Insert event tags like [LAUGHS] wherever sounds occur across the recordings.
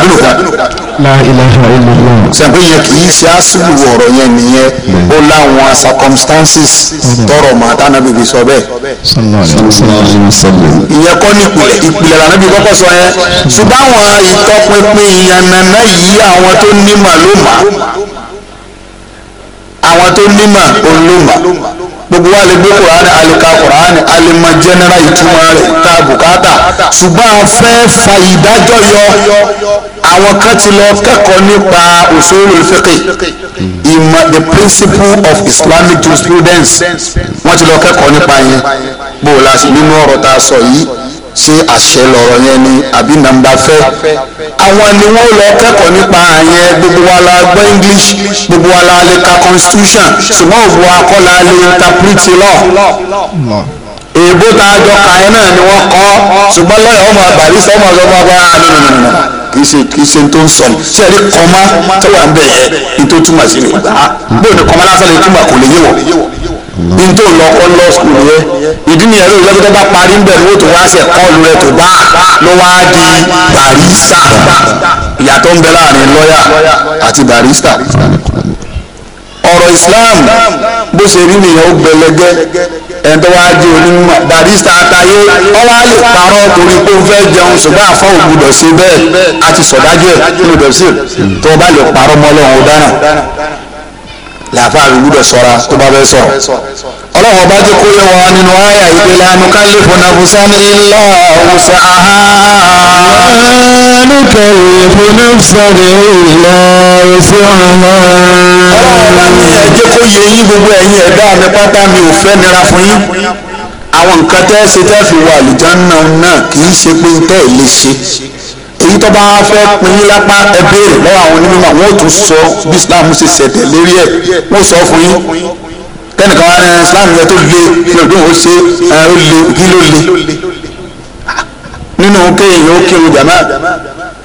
kódà dúró kan. la ilaha illallah. sẹ́ńpé yẹn kì í ṣe àṣìlù ọ̀rọ̀ yẹn nìyẹn ó láwọn circumstances tọrọ màá tá nàbí fi sọ bẹ́ẹ̀. ìyẹn kọ́ ní ìpìlẹ̀ ìpìlẹ̀ lànà bí kọ́kọ́ sọ yẹn ṣùgbọ́n àwọn ìtọpinpin ìyànnànà yìí àwọn tó nímà ló àwọn tó nímà òun gbogbo wa lè gbé kuraani alika kuraani alima jẹnẹra ìtumọ̀ rẹ̀ ta bùkátà ṣùgbọ́n a fa ìdájọ́ yọ àwọn kan ti lọ kẹ́kọ̀ọ́ nípa usulul fiqh ìmọ̀ the principle of islamic jurisprudence wọ́n ti lọ kẹ́kọ̀ọ́ nípa yẹn bó o la ṣe nínú ọ̀rọ̀ tá a sọ yìí ṣé àṣẹ lọ̀rọ̀ yẹn ni àbí nàmbà fẹ́ àwọn ni wọ́n lọ kẹ́kọ̀ọ́ nípa àyẹn gbogbo wa la gbọ́ english gbogbo wa la lè ka constitution ṣùgbọ́n òbò akọ́la lè interpret law èèbó tá a jọ kàyé náà ni wọ́n kọ́ ṣùgbọ́n lọ́yọ̀ ọmọ àbàrí sọ́mọ ọ̀sọ́mọ ọba nínú kì í ṣe kì í ṣe tó ń sọ ní sẹ́ẹ̀rí kọ́má tó wà ń bẹ̀ yẹn ní tó túmọ̀ sí ní gbà ah, bóyá ní kọ́má lásán lè túmọ̀ kò lè yé wọ̀ ní tó lọ kọ́ lọ skul yẹn ìdí nìyẹn ló lọ́gbẹ́dẹ́ bá parí ń bẹ̀ lówó tó wá ṣe kọ́ọ̀lù rẹ̀ tó bá ló wá di barista ìyàtọ̀ ń bẹ láàrin lọ́yà àti barista ọ̀rọ̀ Islam bó ṣe rí nìyẹn ó gbẹlẹgẹ́ ẹni tó wá di onímọ̀ barista àtayé ọwọ́ á lè parọ́ torí pé ó fẹ́ jẹun ṣùgbọ́n àfọ́ ògbúdọ̀ ṣe bẹ́ẹ̀ á ti sọ̀dájú ẹ̀ nínú dọ̀sí tó o bá lè parọ́ mọ́ Ọlọ́run ó làáfàá rẹ gbúdọ̀ sọ́ra tó bá fẹ́ sọ̀rọ̀ ọlọ́wọ́ bá jẹ́ kó yẹ wá nínú àyà ìpè lánàá kálífù nàfùsán ilá òwúsà áhà. lánàá kálífù nàfùsán ilá òwúsà áhà. ọlọ́wọ́ bá ní ẹ jẹ́ kó yẹ yín gbogbo ẹ̀yin ẹ̀dá mi pátá mi ò fẹ́ nira fún yín àwọn nǹkan tẹ́ ṣe tẹ́ fi wà àlùjáná náà kì í ṣe pé tẹ́ ẹ̀ lè ṣe èyí tó bá fẹ́ pin yín lápá ẹ béèrè lọ́wọ́ àwọn onímọ̀ wọn ò tún sọ bí Islam ṣe ṣẹ̀tẹ̀ lérí ẹ̀ wọ́n sọ fún yín kẹ́nìkan wá ní Islam yẹn tó le ní ọdún ó ṣe ó le kí ló le nínú kéèyàn ó kírun jàmá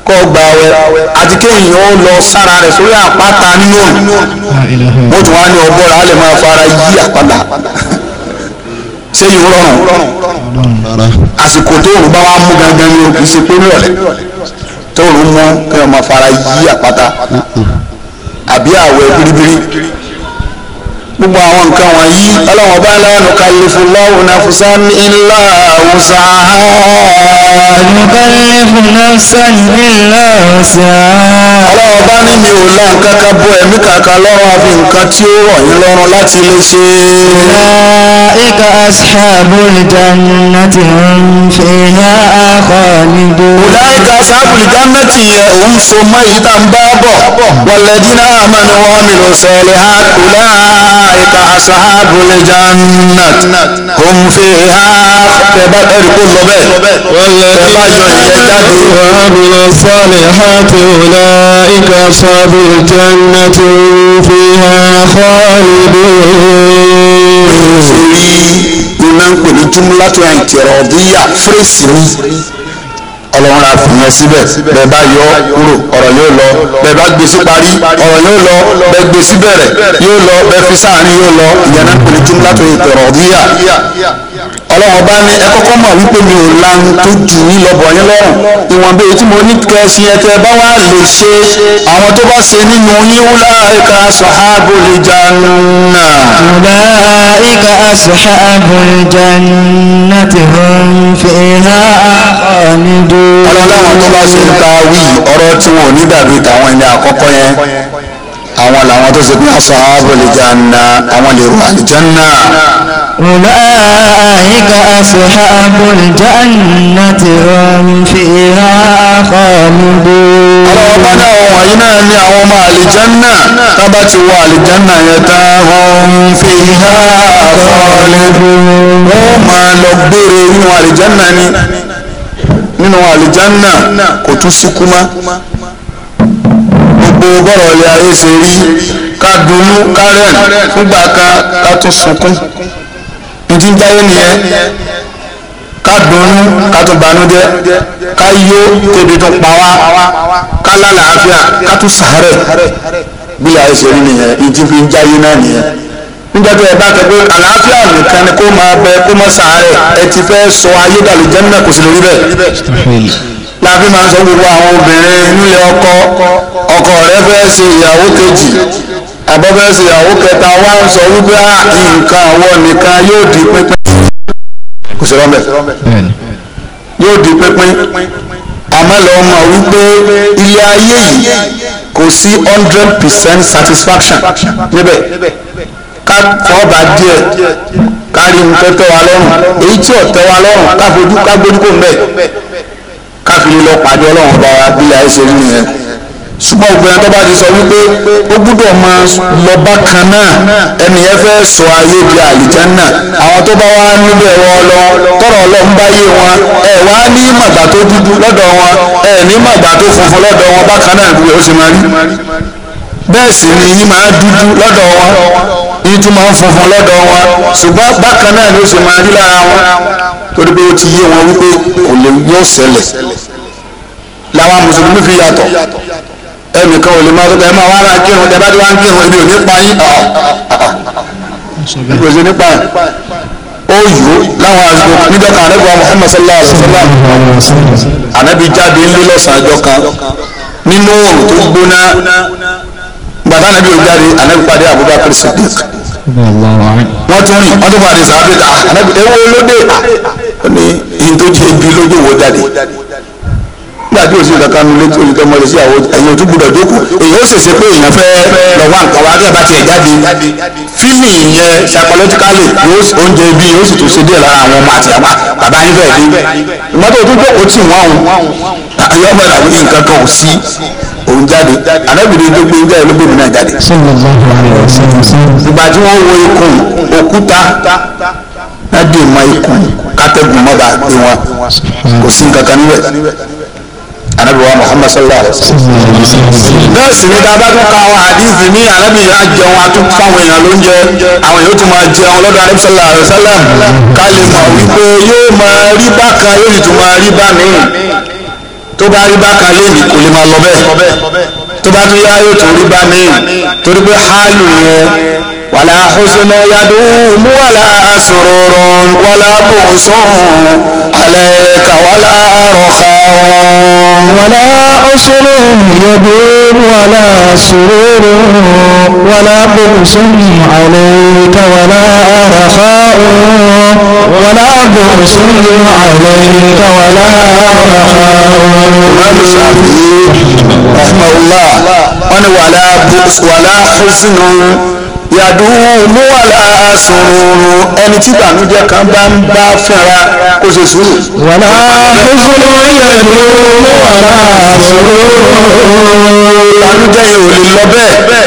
kọ́ gba awẹ àti kéèyàn ó lọ sára rẹ̀ sórí àpáta nínú òun wọ́n tún wá ní ọgbọ́n rẹ̀ á lè máa fara yí àpáta ṣé yìí rọrùn àsìkò tó òun bá wá mú gangan ni o kì í ṣe pé ní ọ̀lẹ́ tóorùn mú kí wọn máa fara yí àpáta mm-hmm. àbí àwẹ̀ biribiri gbogbo àwọn nǹkan wọ̀nyí ọlọ́wọ́n bá la nukallifu nafsan illa wus'aha. nukallifu nafsan illa wus'aha. ọlọ́wọ́n bá ní mi ò la nǹkan kan bọ́ ẹ̀mí kankan lọ́rùn àfi nǹkan tí ó rọ̀ yín lọ́rùn láti lè ṣe. ulaika ashabul jannati hum fiha khalidun. ulaika ashabul jannati yẹ òun so mọ́ èyí tá n bá bọ̀ walladina amanu wa amilu salihat ulaika ulaika ashabul jannat hum fiha tẹ̀bá ẹ̀rí kó lọ bẹ́ẹ̀ tẹ̀bá yọ ìyẹn jáde. wàhábùlọ sọ́ọ̀lì hàtì ulaika ashabul jannat hum fiha khalidun. ṣe rí iná ń pè ní jumlatu àǹtẹ̀rọ̀ bíyà fúrẹ́sì ni ọlọ́run la fi yẹn síbẹ̀ bẹ́ẹ̀ bá yọ kúrò ọ̀rọ̀ yóò lọ bẹ́ẹ̀ bá gbé sí parí ọ̀rọ̀ yóò lọ bẹ́ẹ̀ gbé sí bẹ̀rẹ̀ yóò lọ bẹ́ẹ̀ fi sáàárín yóò lọ ìyẹn náà pèlè jumla tó yẹ tọ̀rọ̀ ọ̀dúnyà ọlọ́run bá ní ẹ kọ́kọ́ mọ̀ wípé mi ò lanu tó jù yín lọ́bọ̀ yín lọ́rùn ìwọ̀nba èyí tí mo ní kẹ́ ẹ ṣe yẹn tẹ́ ẹ bá wà lè ṣe àwọn tó bá ṣe nínú yín ulaika ashabul janna. ulaika ashabul jannati hum fiha khalidun. ọlọ́run tó bá ṣe ń ta wí ọ̀rọ̀ tí wọn ò ní dàbí tàwọn ẹni àkọ́kọ́ yẹn àwọn làwọn tó ṣe pé ashabul lè rú àlìjánná. أولئك أصحاب الجنة هم فيها خالدون ọlọ́ọ̀bá ní àwọn wọ̀nyí náà ní àwọn ọmọ àlìjánná tábà ti wọ àlìjánná yẹn tán hum fiha khalidun wọ́n máa lọ gbére nínú àlìjánná ni nínú àlìjánná kò tún sí kúmá gbogbo bọ́rọ̀ ilé ayé ṣe rí ká dunnú ká rẹ̀ fúngbà kan ká tún sunkún ti ń jáyé nìyẹn ká dunnú ká tún banújẹ́ ká yó tèbi tún pa wá ká lálàáfíà ká tún sàárẹ̀ bí láyé nìyẹn ìdí fi ń jáyé náà nìyẹn nígbàtí ẹ bá kẹgbẹ àlàáfíà nìkan ni kó máa bẹ kó máa sàárẹ̀ ẹ ti fẹ́ sọ ayédàlú jẹnà kò sì lórí bẹ́ẹ̀ láàfin máa ń sọ gbogbo àwọn obìnrin nílé ọkọ ọkọ rẹ fẹ́ ṣe ìyàwó kejì àbọ̀bẹ̀sẹ̀ ìyàwó kẹta wa ń sọ wípé ah, nǹkan àwọn nìkan yóò di pínpín kò sí rọ́mẹ̀ yóò di pínpín àmọ́ lọ́ọ́ mọ̀ wípé ilé ayé yìí kò sí hundred percent satisfaction níbẹ̀ ká fọ́ọ̀bà díẹ̀ ká rí nǹkan tẹ́ wa lọ́rùn èyí tí ò tẹ́ wa lọ́rùn ká gbójú kò ń bẹ̀ ká fi lè lọ pàdé ọlọ́run bá bí ayé ṣe rí nìyẹn. ṣùgbọ́n òpin tó bá ti sọ wípé ó gbúdọ̀ máa lọ bákan náà ẹni yẹn fẹ́ sọ ayé di àlìjánà àwọn tó bá wá níbẹ̀ lọ tọrọ ọlọ́run bá yé wọn ẹ wá ní màgbà tó dúdú lọ́dọ̀ wọn ẹ ní màgbà tó funfun lọ́dọ̀ wọn bákan náà ìlú ó ṣe máa rí bẹ́ẹ̀ sì ni yín máa dúdú lọ́dọ̀ wọn yín tún máa ń funfun lọ́dọ̀ wọn ṣùgbọ́n bákan náà ni ó ṣe ẹnìkan ò lè máa sọ́kọ̀ ẹ máa wá ra kírun ẹ bá ti wá ń kírun ebi ò ní pa yín kò sí nípa yín ó yó láwọn àsìkò níjọ́ kan ànábì wa Muhammad sallallahu alaihi wa sallam ànábì jáde ńlé lọ́sàn-án àjọ kan nínú òòrùn tó gbóná gbàtà ànábì ò jáde ànábì pàdé Abubakar Siddiq wọ́n tún rìn wọ́n tún pàdé sàábẹ̀ ah, ànábì ewu olóde ah, ó ní ìdójú ebi lójú wo jáde gbàdí òsì kankan nu létí òsì tọmọ lè sí àwọn ẹ̀yìn òtún gbúdọ̀ jókòó èyí ó ṣèṣe pé èèyàn fẹ́ lọ wá nǹkan wá tẹ̀ bá tiẹ̀ jáde fílì yẹn psychologically oúnjẹ ibi yóò sì tún ṣe díẹ̀ lára àwọn ọmọ àti àwọn bàbá yín bẹ́ẹ̀ ni ìmọ̀tò tó jókòó tì wọ́n òun yọ ọmọ ìlànà yìí nǹkan kan ò sí òun jáde anábìrin tó gbé jáde ló gbé mi náà jáde. ìgbà tí wọ́n wo ikùn òkúta náà dè mọ́ ikùn kátẹ́gùn mọ́ bá gbé wọn kò sí nǹkan kan níbẹ̀ anabi wa muhammad sallallahu alaihi wa sallam. bẹ́ẹ̀ sì ni dáadáa tún ka àwọn àdìsí ní anabi yẹn á jẹun atún fáwọn èèyàn ló ń jẹ àwọn èèyàn ó tún máa jẹun lọ́dọ̀ anabi sallallahu alaihi wa sallam ká lè mọ̀ wípé yóò máa rí bákan yóò sì tún máa rí bá mi tó bá rí bákan lẹ́yìn kò lè máa lọ bẹ́ẹ̀ tó bá tún yá yóò tún rí bá mi torí pé hálù yẹn. ولا حزن يدوم ولا سرور ولا بؤس عليك ولا رخاء ولا حزن يدوم ولا سرور ولا بؤس عليك ولا رخاء ولا بؤس عليك ولا رخاء رحمه الله ولا بؤس ولا حزن yàdùnmú wàlà sùúrù ẹni tí ìbànújẹ́ kan bá ń bá fúnra kó ṣe sùúrù. wàlà fúnfúnú yàdùnmú wàlà sùúrù. ìbànújẹ́ yẹn ò lè lọ bẹ́ẹ̀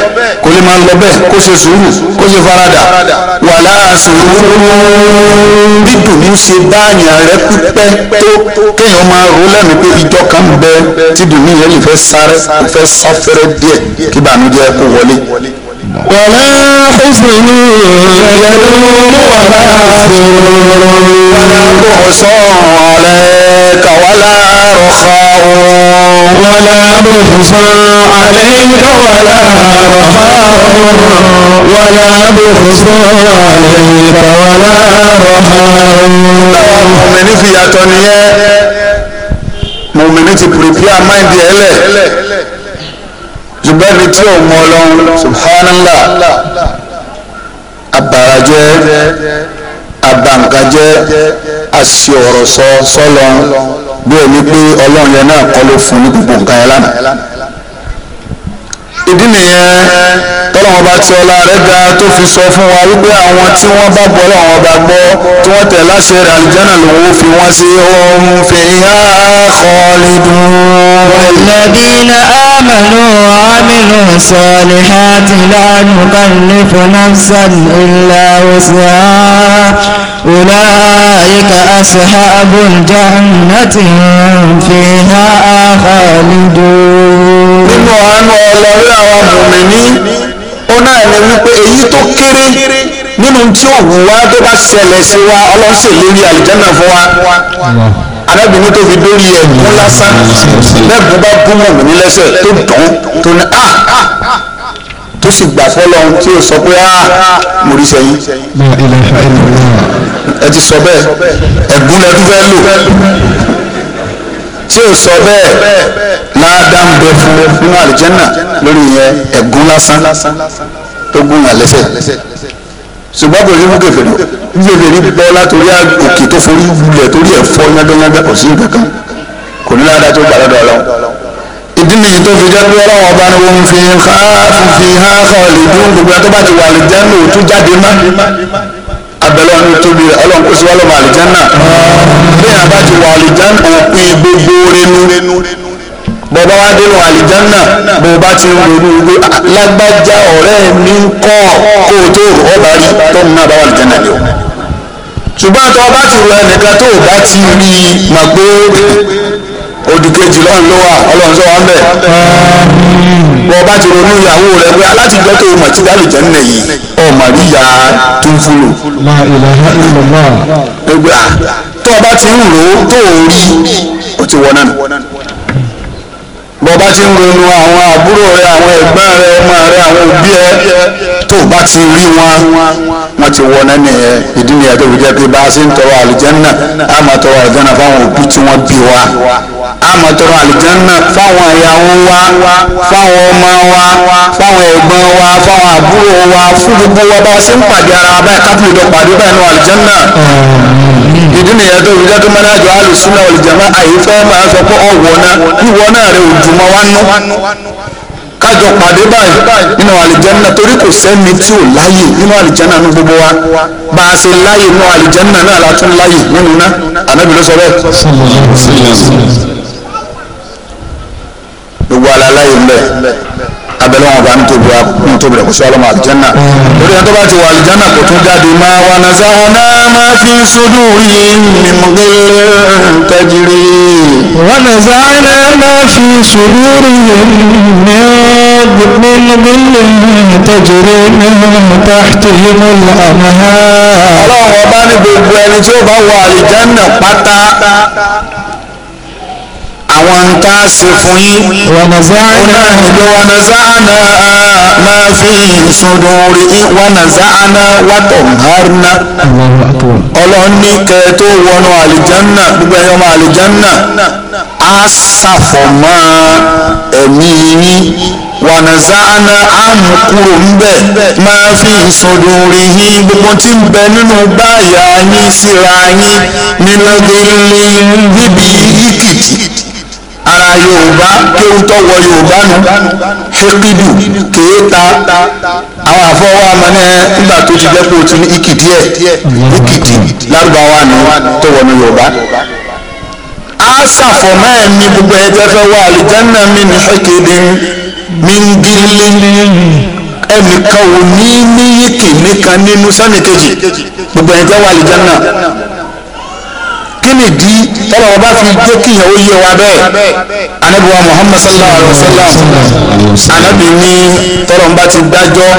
kò lè máa lọ bẹ́ẹ̀ kó ṣe sùúrù kó ṣe faradà wàlà sùúrù. bí dùnú ṣe báyàn rẹ pípẹ́ tó kéèyàn máa rò lẹ́nu pé ìjọ kan bẹ tí dùnú yẹn lè fẹ́ sáré fẹ́ sáfẹ́rẹ́ díẹ̀ kí ìbànújẹ́ kó wọlé wàlá húsìnì yẹlúmú wàlá sùúrù wàlá bùsùn alẹ́ kàwálà rọ̀fà wàlá bùsùn alẹ́ kàwálà rọ̀fà wàlá bùsùn alẹ́ kàwálà rọ̀fà. táwọn mọ̀mìnì fi yàtọ̀ nìyẹn mọ̀mìnì ti pèrè pé àmáìdí ẹ̀ lẹ̀ ṣùgbọ́n ibi tí òun ọlọ́run subhanallah abarajẹ́ abankajẹ́ àṣì ọ̀rọ̀ sọ sọ́lọ bí ẹni pé ọlọ́run yẹn náà kọ́ ló fún ní gbogbo nǹkan yẹn lánàá ìdí nìyẹn tọ́lọ́wọ́n bá ti ọlá rẹ̀ ga tó fi sọ fún wa wípé àwọn tí wọ́n bá gbọ́ lọ́wọ́n bá gbọ́ tí wọ́n tẹ̀ láṣẹ rẹ̀ àlùjánà lòun ó fi wọ́n sí ohun fìhà khalidun. والذين آمنوا وعملوا الصالحات لا نكلف نفسا إلا وسعها أولئك أصحاب الجنة فيها خالدون. nínú àánú ọlọ́rí àwọn mùmíní òun náà ni wípé èyí tó kéré nínú tí òun wá tó bá ṣẹlẹ̀ sí wa ọlọ́sẹ̀ lórí àlìjánà fún wa arábìnrin tó fi dórí ẹ̀gbọ́n lásán lẹ́gbọ́n bá gúnmọ̀ mí lẹ́sẹ̀ tó dùn tó ní à ah, ah, tó sì gbà fọlọ́ tí ó sọ pé à ah, mo rí sẹ́yìn ẹ ti sọ bẹ́ẹ̀ ẹ̀gbọ́n lẹ tún fẹ́ lò tí ó sọ bẹ́ẹ̀ ládàá ń bẹ fún nínú àlìjánà lórí yẹn ẹ̀gbọ́n lásán tó gún yàn lẹ́sẹ̀ ṣùgbọ́n kò rí fún kèfèrí kèfèrí bọ́ látòrí òkè tó forí wulẹ̀ torí ẹ̀ fọ́ yángányángá kò sí kankan kò ní ládàá tó gbà lọ́dọ̀ ọlọ́run ìdí nìyí tó fi jẹ́ pé ọlọ́run ọba ni wọ́n fi ń ká fi há kọ́ lè dún gbogbo ẹ̀ tó bá ti wà lè jẹ́ ní òtún jáde má abẹ́lẹ́ ọ̀nà tóbi rẹ̀ ọlọ́run kó sí wọ́n lọ́mọ àlìjánà bí àbá ti wà àlìjánà òpin gbogbo renu bọ́bá wa dénú àlìjánà bó bá ti ronú wípé ah, lágbájá ọ̀rẹ́ mi ń kọ́ kó o tó rò ọba rí tó ń ná bá wà àlìjánà ni o ṣùgbọ́n àtọ́ bá ti rọ ẹnìkan tó bá ti rí mà pé odùkejì lọ́run ló wà ọlọ́run sọ wọn bẹ́ẹ̀ bọ́ bá ti ronú ìyàwó rẹ pé alátìjọ́ ah, tó mọ̀ tí dálè jẹ́ yìí ọmọ rí ya tó ń fúlò. ẹgbẹ́ à tó o bá ti ń rò ó tó o rí o ti wọ náà. bọ́ ti ń ronú àwọn àbúrò rẹ àwọn ẹ̀gbọ́n rẹ ọmọ rẹ àwọn òbí ẹ tó bá ti rí wọn wọn ti wọ nẹni ẹ ìdí nìyẹn tó fi jẹ́ pé bá a ṣe ń tọrọ àlùjànnà á máa tọrọ àlùjànnà fáwọn òbí tí wọ́n bí wa. àmọ́ tọrọ àlìjánná fáwọn ìyàwó wa fáwọn ọmọ wa fáwọn ẹ̀gbọ́n wa fáwọn àbúrò wa fún gbogbo wa bá ṣe ń pàdé ara wa báyìí kápẹ́ ìjọ pàdé báyìí nù àlìjánná. ìdí nìyẹn tó fi jẹ́ tó mẹ́rin àjọ àlùsùnà olùjàmá àyífẹ́ máa sọ pé ọ̀wọ́ náà ìwọ náà rẹ̀ òjùmọ̀ wá nú kájọ pàdé báyìí nínú àlìjánná torí kò sẹ́ni tí ò láyè nínú àlìjánná nínú gbogbo wa bá a ṣe láyè nínú kún tóbi rẹ̀ kó sọ ọlọ́mọ àlìjánà lórí ẹni tó bá ti wà àlìjánà kò tún jáde máa wà nàzáwọn náà máa fi sódù yìí mímúgbé tẹ́jìrì. wà nàzáwọn náà máa fi sódù yìí mímúgbé tẹ́jìrì mímú tàhtì yìí ọlọ́run ọba ní gbogbo ẹni tí ó bá wà àlìjánà pátá àwọn tá a ṣe fún yín. wọnàzáàna nígbà wọnàzáàna máa fi sọdọ̀ọ̀rì wọnàzáàna wàtọ̀hárínà. ọlọ́run ní kẹ́ tó wọnú àlìjánná gbogbo ẹ̀yọ́ ọmọ àlìjánná á ṣàfọ̀mọ́ ẹ̀mí yín wọnàzáàna á mú kúrò ńbẹ̀ máa fi sọdọ̀ọ̀rì yín gbogbo tí ń bẹ nínú báyà yín síra yín nílẹ̀ gẹ́lẹ́ níbi ìkìtì ara yorùbá kéwútọ́ wọ yorùbá nu hekidu kéèta àwọn àfọwọ́ amánẹ́ nígbà tó ti jẹ́ pé o ti ní iki díẹ̀ ikidi lárúbáwá nu tó wọ nu yorùbá a ṣàfọ̀mọ́ ẹ̀ ní gbogbo ẹ̀ tẹ́ wá àlìjánná mi ní hekede mi ń gírílé ẹnìkan ò ní ní yíkì nìkan nínú sẹ́nìkejì gbogbo ẹ̀ tẹ́ wá àlìjánná kí ni di tọ́lọ̀ ọba fi jẹ́ kí ìyàwó yé wa bẹ́ẹ̀ anabiwa muhammad sallallahu alayhi wa sallam anabi ní tọ́lọ̀ ọba ti dájọ́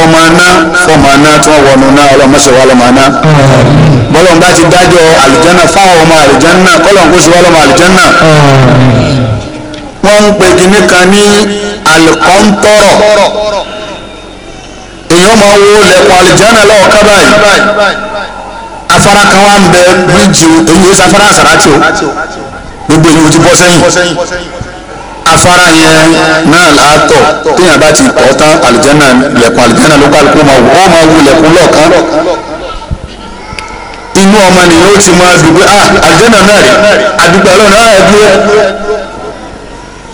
ọmọ aná fọmọ aná tí wọ́n wọnú náà ọlọ́mọṣẹ́ wa lọ́mọ aná bọ́lọ̀ ọba ti dájọ́ àlùjánà fáwọn ọmọ àlùjánà kọ́lọ̀ ń kó sí wa lọ́mọ àlùjánà wọ́n ń pe kinní kan ní alikọ́ntọ́rọ̀ èèyàn máa wo lẹ̀kùn àlùjánà lọ́wọ́ kábàáyì afara kan wà ń bẹ bíríìjì èyí ó safárá àsàràtì o gbogbo èyí ó ti bọ́ sẹ́yìn afárá yẹn náà látọ̀ téèyàn bá ti tọ́ tán àlùjànnà lẹ̀kùn àlùjànnà ló bá kó máa wù ó máa wù lẹ̀kùn lọ́ọ̀kan inú ọmọ nìyẹn ó ti máa dùn pé ah àlùjànnà náà rè àdúgbò ọlọ́run náà ah, rẹ̀ dúró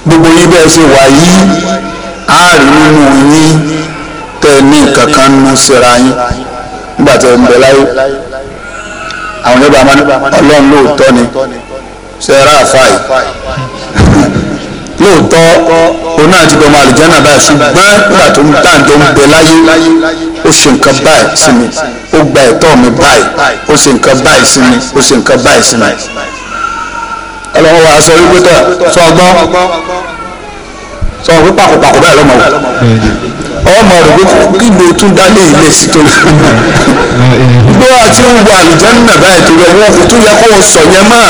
gbogbo yín bẹ́ẹ̀ ṣe wà yìí á rí nínú yín tẹ́ ní nǹkan kan nú yín nígbà tẹ́ ń bẹ láyé àwọn yóò bá máa ọlọ́run lóòótọ́ ni sẹ́ra àfáì lóòótọ́ òun náà ti dọ́mọ àlùjánà báyìí ṣùgbọ́n nígbà tó ń tàn tó ń bẹ láyé ó ṣe nǹkan báyìí sí mi ó gba ẹ̀tọ́ mi báyìí ó ṣe nǹkan báyìí sí mi ó ṣe nǹkan báyìí sí mi ọlọ́run wa sọ wípé tọ́ sọ ọgbọ́n sọ wípé pàkópàkó báyìí lọ́mọ wò ọmọ rẹ pé kíbo tún dálé ilé sí tó gbọ́ àti wọ àlùjànnà báyìí tó rẹ wọn kò tún yẹ kó sọ yẹn mọ́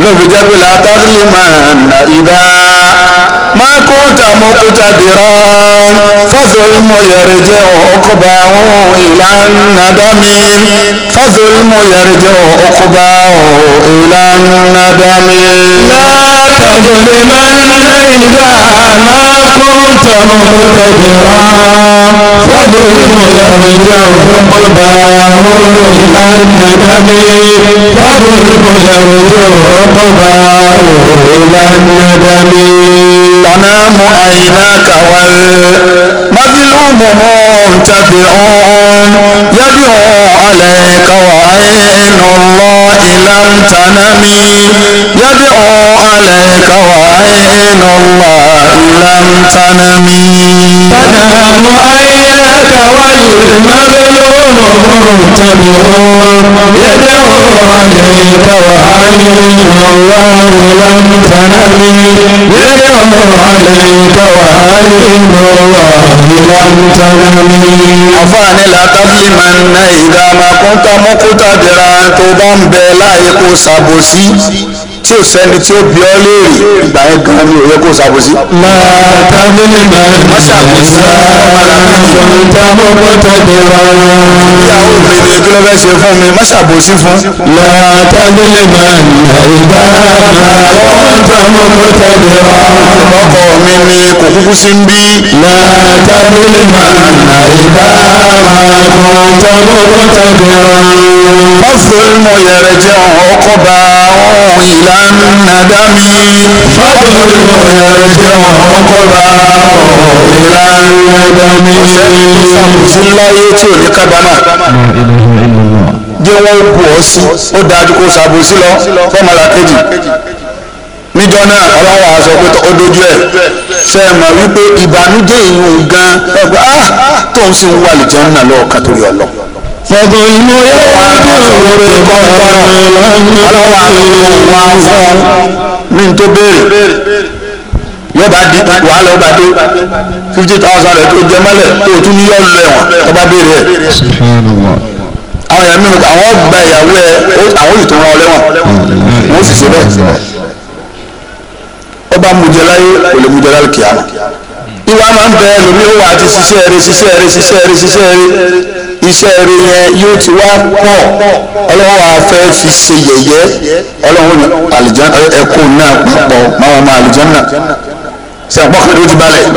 lọ́ọ̀bù jẹ́ pé látàrí lè máa nà ìdá. ما كنت مقتدرا فظلم يرجع عقباه إلى الندم فظلم يرجع عقباه إلى الندم لا تظلمن إذا ما كنت مقتدرا فظلم يرجع عقباه إلى الندم فظلم يرجع عقباه إلى الندم الأنام عيناك والمظلوم منتفع يدعو عَلَيْكَ وَعَيْنُ اللَّهِ لم تنم يدعو عليك وعين الله لم تنمي تنام عينك والمبلول مرتبط يدعو عليك وعين الله لم تنمي يدعو عليك وعين الله لم تنمي أفاني لا تظلمن إذا ما كنت مقتدرا تضم بلا يكو سابوسي tí o sẹ́ni tí o bí ọ léèrè ìgbà yẹn gan ni òye kò ṣàbòsí. máa tábìlì máa ń bá ṣàbòsí. ìta mọ́kọ́ tẹ̀lé wa. ìyàwó mi ni kí ló fẹ́ ṣe fún mi má ṣàbòsí fún. máa tábìlì máa ń ìta mọ́kọ́ tẹ̀lé wa. ọkọ mi ni kò kúkú sí ń bí. máa tábìlì máa ń ìta mọ́kọ́ tẹ̀lé wa. wọ́n fi mọ̀ yẹrẹ jẹun ọkọ̀ bá wọn ìlà. ندمي فضل يرجع عقبا إلى ندمي láyé tí ò ní kábàámà jẹ́ wọ́n bù ọ́ sí ó dájú kó ṣàbòsí lọ fọ́mọlá kejì níjọ́ náà ọlọ́wọ́ aṣọ pé ó dojú ẹ̀ ṣe é mọ̀ wípé ìbànújẹ́ ìyún gan ẹgbẹ́ ah tóun sì ń wà lìjẹ́ ńnà lọ́ọ̀kan torí ọlọ́ọ̀ fọdún tó béèrè yóò bá di wàhálà ó bá dé fifty thousand rẹ tó jẹ mọ́lẹ̀ tó o tún ní yọ lọ ẹ̀wọ̀n tó bá béèrè ẹ̀. àwọn èèyàn mímu àwọn gba ìyàwó ẹ àwọn yìí tó rán ọ lẹ́wọ̀n wọ́n sì ṣe bẹ́ẹ̀. ó bá mú kò lè mú jẹ ìwà máa ń bẹ ẹlòmíì ó wà á ti ṣiṣẹ́ rẹ ṣiṣẹ́ rẹ ṣiṣẹ́ rẹ ṣiṣẹ́ rẹ iṣẹ́ rẹ yẹn yóò ti wá pọ̀ ọlọ́wọ́ afẹ́ fi ṣe yẹ̀yẹ́ ọlọ́wọ́ àlìjáná ẹ̀kọ́ náà papọ̀ máa ma àlìjáná sàpọ̀kẹ́ ló ti balẹ̀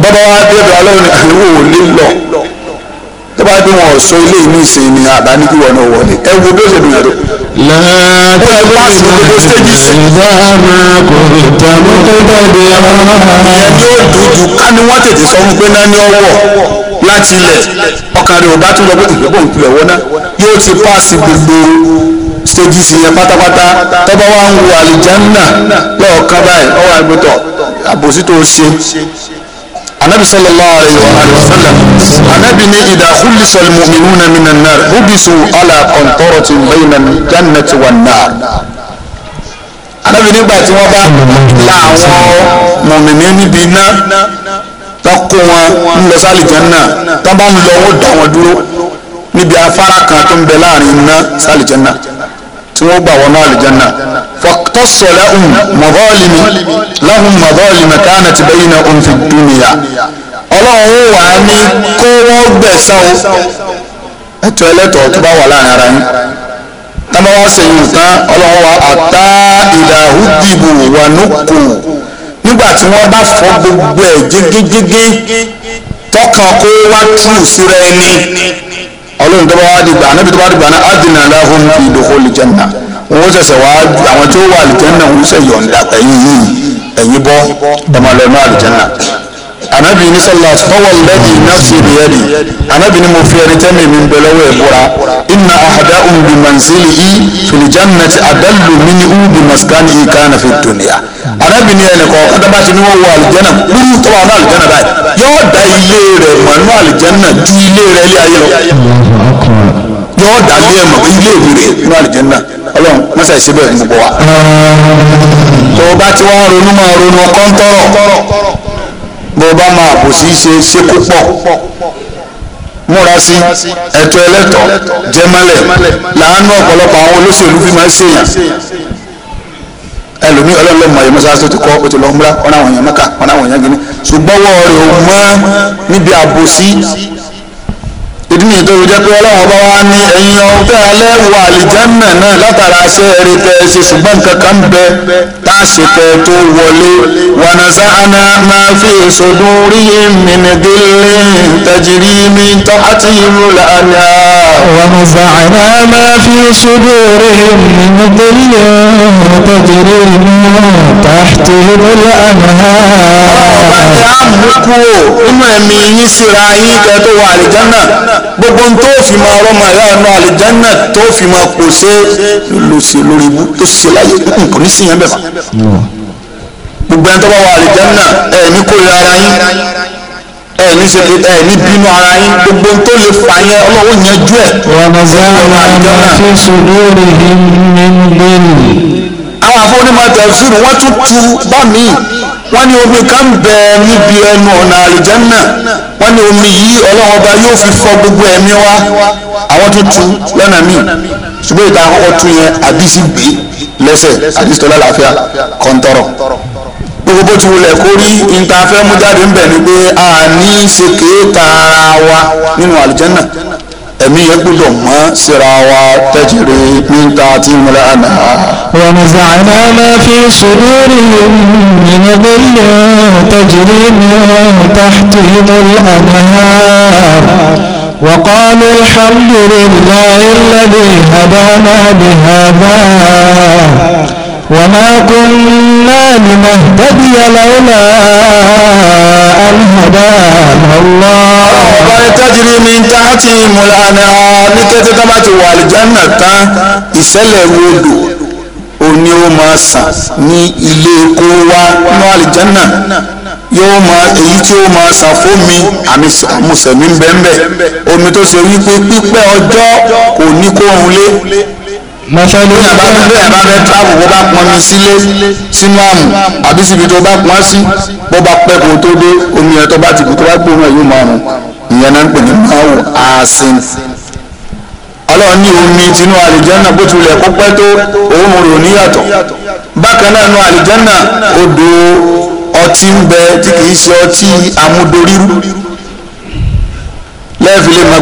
bọ́bá wa dé ọ̀dọ̀ ọlọ́wọ́ ní àlùwò ò lè lọ tó bá dé wọn sọ ilé ìní ìsìn ni àbá ní kí wọn náà wọlé ẹ wo bí ó ṣe dùn yàtọ̀. láàbù ìdáàmú kò dàmú tó bá dé ọ̀rọ̀. ìyẹn yóò dùn jù ká ni wọ́n tètè sọ fún pé náà ní ọwọ́ láti ilẹ̀ ọkàn rẹ̀ ò bá tún lọ pé ìjọba òun tilẹ̀ wọ́ná yóò ti paasi gbogbo stages yẹn pátápátá tọ́ba wa ń wo àlìjánná lọ́ọ̀kan báyìí ọwọ́ àgbẹ̀tọ̀ àbòsí tó ṣe anabi sallallahu alayhi wa sallam anabi ni idà kúlísọ̀ mu'minuna minan nar hubisu ala kọ̀ntọ́rọ̀tì bayna jannati wan nar anabi nígbà tí wọ́n bá la àwọn mọ̀mìnì níbi iná tán kó wọn ńlọ sálì jẹ́nà tán bá ń lọ wọ́n dá wọn dúró níbi afárá kan tó ń bẹ láàrin iná sálì jẹ́nà tí wọ́n gbà wọnú àlìjẹ́nà fọ́tọ́sọ̀ lẹ́hùn mọ̀bọ́ọ̀lìmí lẹ́hùn mọ̀bọ́ọ̀lìmí káàna ti bẹ́yìn náà òun fi dúnìyà ọlọ́run wà á ní kó wọ́n gbẹ̀sán o ẹ̀tọ́ ẹlẹ́tọ̀ tó bá wà láàrin ara yín tábà wá sẹ́yìn tán ọlọ́run wà á ta ìdàhùdìbò wà nùkùn nígbà tí wọ́n bá fọ́ gbogbo ẹ̀ jégéjégé tọkàn kó wá túù síra ẹni ọlọ́run tó bá wá dìgbà anábì tó bá dìgbà náà adìnnà lahum fi dukhulil janna wọ́n ṣẹ̀ṣẹ̀ wá àwọn tí ó wà àlùjànnà wọ́n ṣe yọ̀ǹda ẹ̀yìn yìí ẹ̀yìn bọ́ ọmọ lọ́nà àlùjànnà anabi ní sọlá ọwọl lẹbi nafsi biyadi anabi ní mo fi ẹni tẹ́mi mi bẹ lọ́wọ́ ẹ̀ búra inna ahada um bi manzili i filijannati adalu mini u bi maskani i kana fi dunia anabi ní ẹni kọ ọdọba ti ní wọn wọ alijana kúrú tọwọ àwọn alijana báyìí yóò da ilé rẹ̀ mọnú alijana ju ilé rẹ̀ ilé ayé lọ yóò dà lé ẹmọ ilé ìwúre inú àlìjẹ́nà ọlọ́run mọ́sá ìṣẹ́bẹ̀ ní gbogbo wa. tó o ti wá ronú máa ronú ọkọ bó bá máa bò sí ṣe ṣe kó pọ̀ múra sí ẹ̀tọ́ ẹlẹ́tọ̀ jẹ́mọ́lẹ̀ làánú ọ̀pọ̀lọpọ̀ àwọn olóṣèlú fi máa ń ṣèyàn ẹlòmí ọlọ́lọ́ mọ̀ ẹ̀mọ́sá tó ti kọ́ ó ti lọ múra ọ̀nà àwọn èèyàn mẹ́ka ọ̀nà àwọn èèyàn gíní ṣùgbọ́n wọ́ọ̀rẹ̀ ò mọ́ níbi àbòsí ìdí nìyí tó fi jẹ́ pé ọlọ́run bá wá ní ẹ̀yin ọ̀hún tẹ́ alẹ́ wà àlìjánà náà látara aṣẹ́ eré tẹ ẹ ṣe ṣùgbọ́n kankan ń bẹ tá a ṣe tẹ tó wọlé wànàṣá àná máa fi èsòdún rí mìnìdílé tẹ̀jìrí mi tọ́ àti ìmúlẹ̀ àná. wànàṣá àná máa fi èsòdún rí mìnìdílé tẹ̀jìrí mi tọ́ àti ìmúlẹ̀ àná. ọlọ́run bá ní àmúkúrò nínú ẹ̀mí yín síra yín kẹ́ tó wà àlìjánà gbogbo ń tó fi máa rọ́mọ ìyáàánú àlìjánná tó fi máa pò ṣe lòsè lórí ibú tó ṣe láyé nǹkan ní sìyẹn bẹ́ẹ̀ ma. gbogbo ẹni tó bá wà àlìjánná ẹ̀ẹ̀mí kórìíra ara yín ẹ̀ẹ̀mí ṣe ẹ̀ẹ̀mí bínú ara yín gbogbo ń tó lè fà yẹn ọlọ́wọ́ yanjú ẹ̀. àwọn àfọwọ́nímọ̀ tẹ̀síìrì wọ́n tún tu bá mi wọ́n ní omi kan bẹ níbi ẹnu ọ̀nà àlìjánná wọ́n ní omi yìí ọlọ́run ọba yóò fi fọ gbogbo ẹ̀mí wa àwọn tó tu lọ́nà míì ṣùgbọ́n ìta àkọ́kọ́ tu yẹn àdìsí gbé lẹ́sẹ̀ àdìsí tó lálàáfíà kọ́ńtọ́rọ̀ gbogbo bó ti wulẹ̀ kó rí ìta fẹ́ mú jáde ń bẹ̀ ni pé a ní ṣe kéé tààrà wa nínú àlìjánná أمي يقولون ما سراوا تجري من تعتيم لأنا ونزعنا ما في صدورهم من ظل تجري من تحتهم الأنهار وقالوا الحمد لله الذي هدانا بهذا وما كنا لنهتدي لولا أن هدانا الله تجري من ti mùlànà ní kété tó bá ti wà àlìjánà tán ìṣẹ̀lẹ̀ wodò òní ó máa sàn ní ilé kó wá nínú àlìjánà yóò máa èyí tí ó máa sàn fómi àmì mùsẹ̀mí bẹ́ẹ̀nbẹ́ omi tó ṣe wípé pípẹ́ ọjọ́ kò ní kó run lé mọ̀sálí ní àbámu bẹ́ẹ̀ bá fẹ́ tíráàbù bó bá pọn mi sílé sínú àmù àbí síbi tó bá pọn sí bó bá pẹ́ kó tó dé omi ẹ̀ tó bá ti kú tó bá gbóhùn ẹ̀ yóò máa rùn. ìyẹn náà ń pè ní máwù ọlọ́run ní omi tinú àlìjánà bó tilẹ̀ kó pẹ́ tó òun rò níyàtọ̀ bákan náà nu àlìjánà odò ọtí ń bẹ tí kìí ṣe ọtí amúdorírú lẹ́ẹ̀fi lè ń tó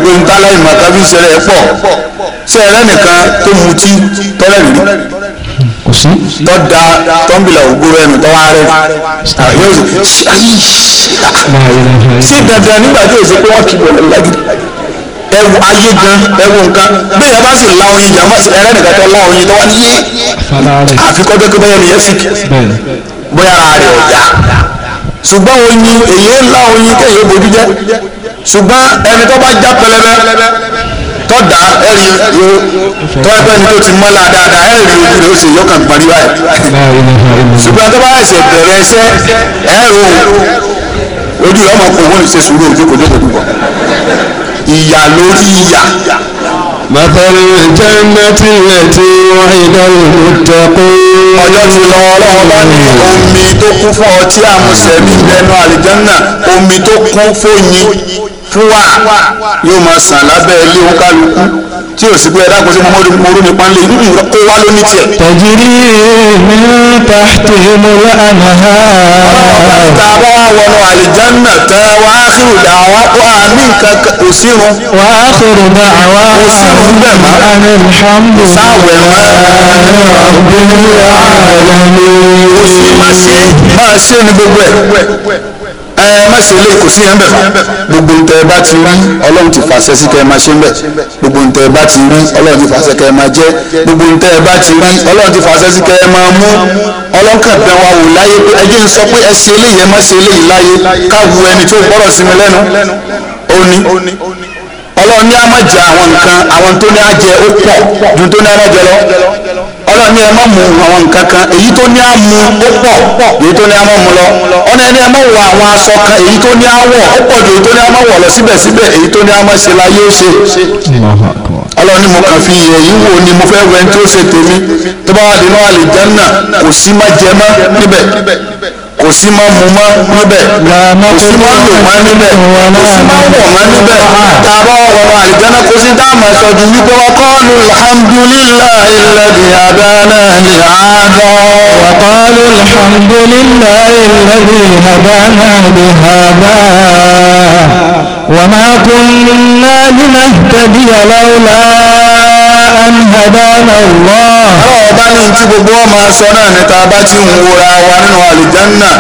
mutí tọ́lẹ̀ rí sí tọ́ da tọ́ḿbìlà ògbóró ẹnu tọ́ wá rẹ̀ ah, sí dandan nígbà tí èsì pé wọ́n kì í bẹ̀rẹ̀ lágídí ẹwù ayé gan ẹwù nǹkan bẹ́ẹ̀ yẹn bá sì la oyin jàmbá sí ẹrẹ́ nìkan tó la oyin tó wá ní yé àfikọ́ jẹ́ pé bẹ́ẹ̀ ni yẹn sì bóyá ara rẹ̀ ọ̀já ṣùgbọ́n oyin èyí ńlá oyin kéèyàn bójú jẹ́ ṣùgbọ́n ẹni tó bá já pẹlẹbẹ tọ́da ẹ̀rí yóò tọ́wọ́ ẹgbẹ́ ni tó ti mọ́ la dáadáa ẹ̀rí ojú rẹ̀ ó sì yọkàn parí báyìí. ṣùgbọ́n tó bá ẹsẹ̀ bẹ̀rẹ̀ ẹsẹ̀ ẹ̀rù ojú rẹ̀ ọmọ kò wọ́n ṣe sùúrù ojú kò jókòó dùbọ̀. ìyà lórí ìyà. مثل الجنة التي وعد المتقون ọjọ́ ti lọ ọlọ́run bá ní omi tó kún fún ọtí àmúṣẹ́bí lẹ́nu àlìjánná omi tó kún fóyin fún wa yóò máa sàn lábẹ́ ilé oníkálukú tí o sì pé ẹ̀dá kùsùn mọ́mọ́dé mọ́rú ní pánlé nínú kó wá ló ní tiẹ̀. tajiri mi ta ti mo lánà ha. ọlọ́run ta wọnú àlìjánná tẹ wà á dà wá kó àmì nǹkan kò sírun. wà á dà wá kó sírun bẹ̀ mọ́. ani alhamdu sáwẹ̀ mọ́. ọ̀gbìn ní àlọ́ mi. o sì máa ṣe máa ṣe ní gbogbo ẹ̀ ẹ má ṣe lé kò sí yẹn bẹ̀ gbogbo ntẹ bá ti rí ọlọ́run ti fàṣẹ sí kẹ́ ẹ má ṣe ń bẹ̀ gbogbo ntẹ bá ti rí ọlọ́run ti fàṣẹ kẹ́ ẹ má jẹ gbogbo ntẹ bá ti rí ọlọ́run ti fàṣẹ sí kẹ́ ẹ má mú ọlọ́kàn bẹ̀ wá wò láyé pé ẹ ń sọ pé ẹ ṣe eléyìí ẹ má ṣe eléyìí láyé káwu ẹni tó gbọ́rọ̀ sí mi lẹ́nu ó ní ọlọ́run ní á má jẹ àwọn nǹkan àwọn tó ní á jẹ ó pọ̀ ju tó ní á má jẹ lọ ọlọ́ni ẹ má mu àwọn nǹkan kan èyí tó ní àmú ó pọ̀ èyí tó ní àmọ́ mu lọ ọ̀nà ẹni ẹ má wọ àwọn aṣọ kan èyí tó ní àwọ̀ ó pọ̀ ju èyí tó ní àmọ́ wọ̀ lọ síbẹ̀síbẹ̀ èyí tó ní àmọ́ ṣe la yóò ṣe ọlọ́ni mo kàn fi yẹ yín wo ni mo fẹ́ wẹ́n tó ṣe tèmi tó bá wà nínú àlìjánná kò sí má jẹ mọ́ níbẹ̀ kò sí máa mú má níbẹ̀ kò sí máa lò má níbẹ̀ kò sí máa wọ̀ má níbẹ̀ tààrọ̀ ọ̀rọ̀ àlìjáná kò sí dáàmà sọ̀dún wípé wọ́n kọ́ lu alhamdulillahi alladhi hadana li hadha. wa qalu alhamdulillahi alladhi hadana li hadha. wa ma kunna linahtadiya lawla an hadana Allah. ọlọ́wọ́ bá ní tí gbogbo wọn máa sọ náà ní ta bá ti ń wúra wa nínú àlùjánná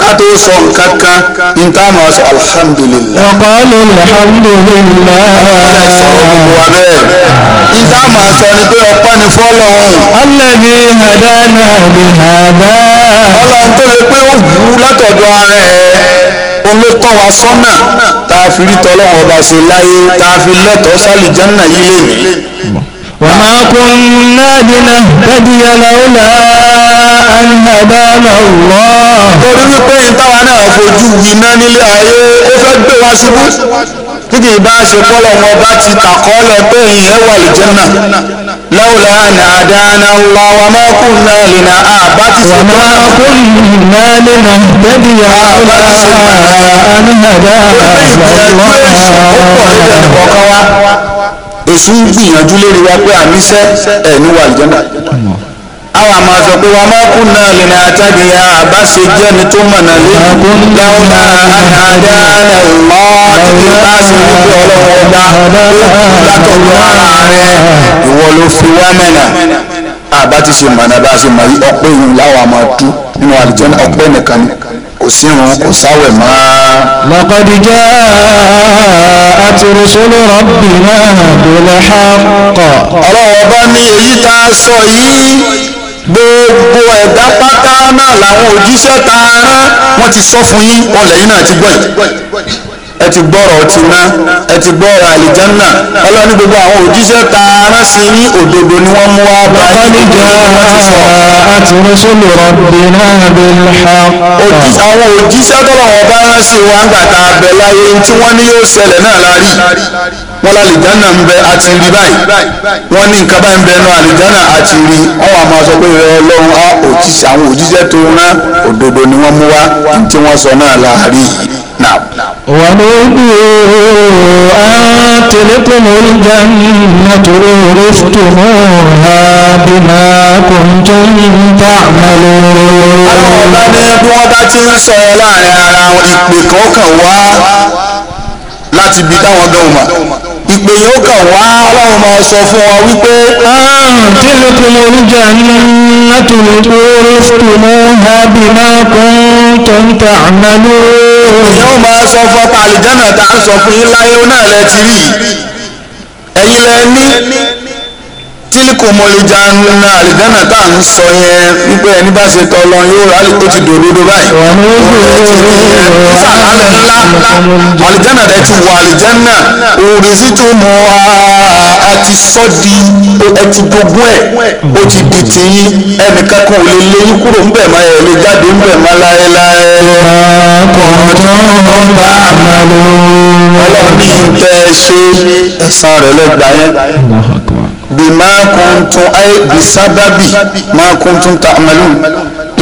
ká tó sọ nǹkan kan ní tá a máa sọ alhamdulillah. ọkọ lè alhamdulillah. ọlọ́wọ́ sọ gbogbo wa bẹ́ẹ̀. ní tá a máa sọ ni pé ọpẹ́ ni fọ́lọ́hún. alladhi hadana bihada. ọlọ́run tó lè pé ó wù ú látọ̀dọ̀ ara ẹ̀ ló tọ́ wa sọ́nà tá a fi rí tọ́lọ́wọ́ ọba ṣe láyé tá a fi lẹ́tọ̀ọ́ sálì jẹ́nà yìí lè rí. وما كنا لنهتدي لولا أن هدانا الله torí wípé ìtawà náà fojú winá nílé ayé ó fẹ́ gbé wa ṣubú tí kì í bá ṣe pọ́lọ̀ wọn bá ti tàkọ́lẹ̀ pé ìyẹn wà lè jẹ́nà lọ́wọ́lá ní àdáná lọ wà máa kún náà lè na àbá ti ṣe pọ́lọ̀ wà máa kún náà lè na bẹ́ẹ̀ni àbá ti ṣe pọ́lọ̀ wà máa kún náà lè na bẹ́ẹ̀ni àbá ti ṣe pọ́lọ̀ wà máa kún náà lè na bẹ́ẹ̀ni àbá ti ṣe pọ́lọ̀ wà máa kún náà lè na bẹ́ẹ̀ni àbá ti ṣe pọ́lọ̀ wà máa kún náà lè na bẹ́ẹ̀ni àbá ti ṣe pọ́lọ̀ wà máa kún náà lè na bẹ́ẹ̀ni àbá ti ṣe pọ́lọ̀ wà máa kún náà lè na bẹ́ẹ̀ni àbá ti ṣe pọ́lọ̀ wà máa kún náà lè na bẹ́ẹ̀ni àbá ti ṣe pọ́lọ̀ wà máa kún náà lè na bẹ́ẹ̀ni àbá ti ṣe pọ́lọ̀ wà máa kún náà lè na bẹ́ẹ̀ni àbá ti ṣe pọ́lọ̀ wà máa kún náà lè na bẹ́ẹ̀ni àbá ti ṣe pọ́lọ̀ wà máa kún náà lè na bẹ́ẹ̀ni àbá ti ṣe pọ́lọ̀ wà máa kún náà lè na bẹ́ẹ̀ni àbá ti ṣe pọ́lọ̀ wà máa kún náà lè na bẹ́ẹ̀ni àbá ti ṣe pọ́lọ̀ wà máa kún náà lè na bẹ́ẹ̀ni àbá ti ṣe pọ́lọ̀ wà máa kún náà lè na bẹ́ẹ̀ni èṣù ń gbìyànjú lérí wa pé àníṣe ẹ̀ ní wà àlùjànnà àwọn àmọ́ sọ pé wọ́n máa kú náà lè náà jáde ya àbá ṣe jẹ́ ni tó mọ̀nà lẹ́yìn dáhùnà àdáná lọ́ títí bá ṣe wípé ọlọ́wọ́ dá látọ̀dọ̀ ara rẹ̀ ìwọ ló fi wá mẹ́nà àbá ti ṣe mọ̀nà bá ṣe mọ̀ yí ọ̀pẹ́ ìhùn láwọn àmọ́ dú nínú àlùjànnà ọ̀pẹ́ nìkan ni sírun kò sáwẹ̀ mọ́. laqad ja'at rusulu rabbina bil haqq. ọlọ́wọ́ bá ní èyí tá a sọ yìí gbogbo ẹ̀dá pátá náà làwọn òjíṣẹ́ tá wọ́n ti sọ fún yín ọ̀lẹ́yìn náà ti gbọ́ yìí. ẹ ti gbọ́rọ̀ ọtí ná ẹ ti gbọ́rọ̀ àlìjánná ọlọ́ni gbogbo àwọn òjíṣẹ́ a sí ní òdodo ni wọ́n mú wá bá yín wọn ti sọ. àti àwọn òjíṣẹ́ tọ́lọ́wọ́ bá sí wa a láyé tí wọ́n ní yóò ṣẹlẹ̀ náà la rí wọ́n ń bẹ àti rí báyìí wọ́n ní nǹkan báyìí ń bẹ nu àlìjánná àti rí sọ pé ọlọ́run á òjíṣẹ́ àwọn òjíṣẹ́ tó òdodo ni wọ́n mú wá tí wọ́n sọ náà la rí ونودوا أن تلكم الجنة أورثتموها بما كنتم تعملون àwọn ọba ní bí wọ́n bá ti ń sọ̀rọ̀ láàrin ara wọn ìpè kan kàn wá láti ibi táwọn gan kàn wá ọlọ́run máa sọ fún wa wípé. tí ló kún oríjà nínú látòlótò orí fún mi mọ́ hábì máa kún tó ń ta àmàlú yóò máa sọ fún ọ̀pá àlìjánà tá à ń sọ fún yín láyé náà lẹ ti rí ẹ̀yin lẹ ní tílíkòmọlìjà ńlá àlìjánà tá à ń sọ yẹn wípé ẹni bá ṣe tọ lọ yóò rà ó ti dòdòdó báyìí. ìsàlálẹ̀ ńlá àlìjánà rẹ ti wọ àlìjánà òòrè sí tó mọ a ti sọ di ẹ ti gbogbo ẹ ó ti di tiyín ẹnìkan kan ò lè léyìn kúrò ńbẹ̀ máa ẹ̀ lè jáde ńbẹ̀ máa láéláé kuntum ta'malun.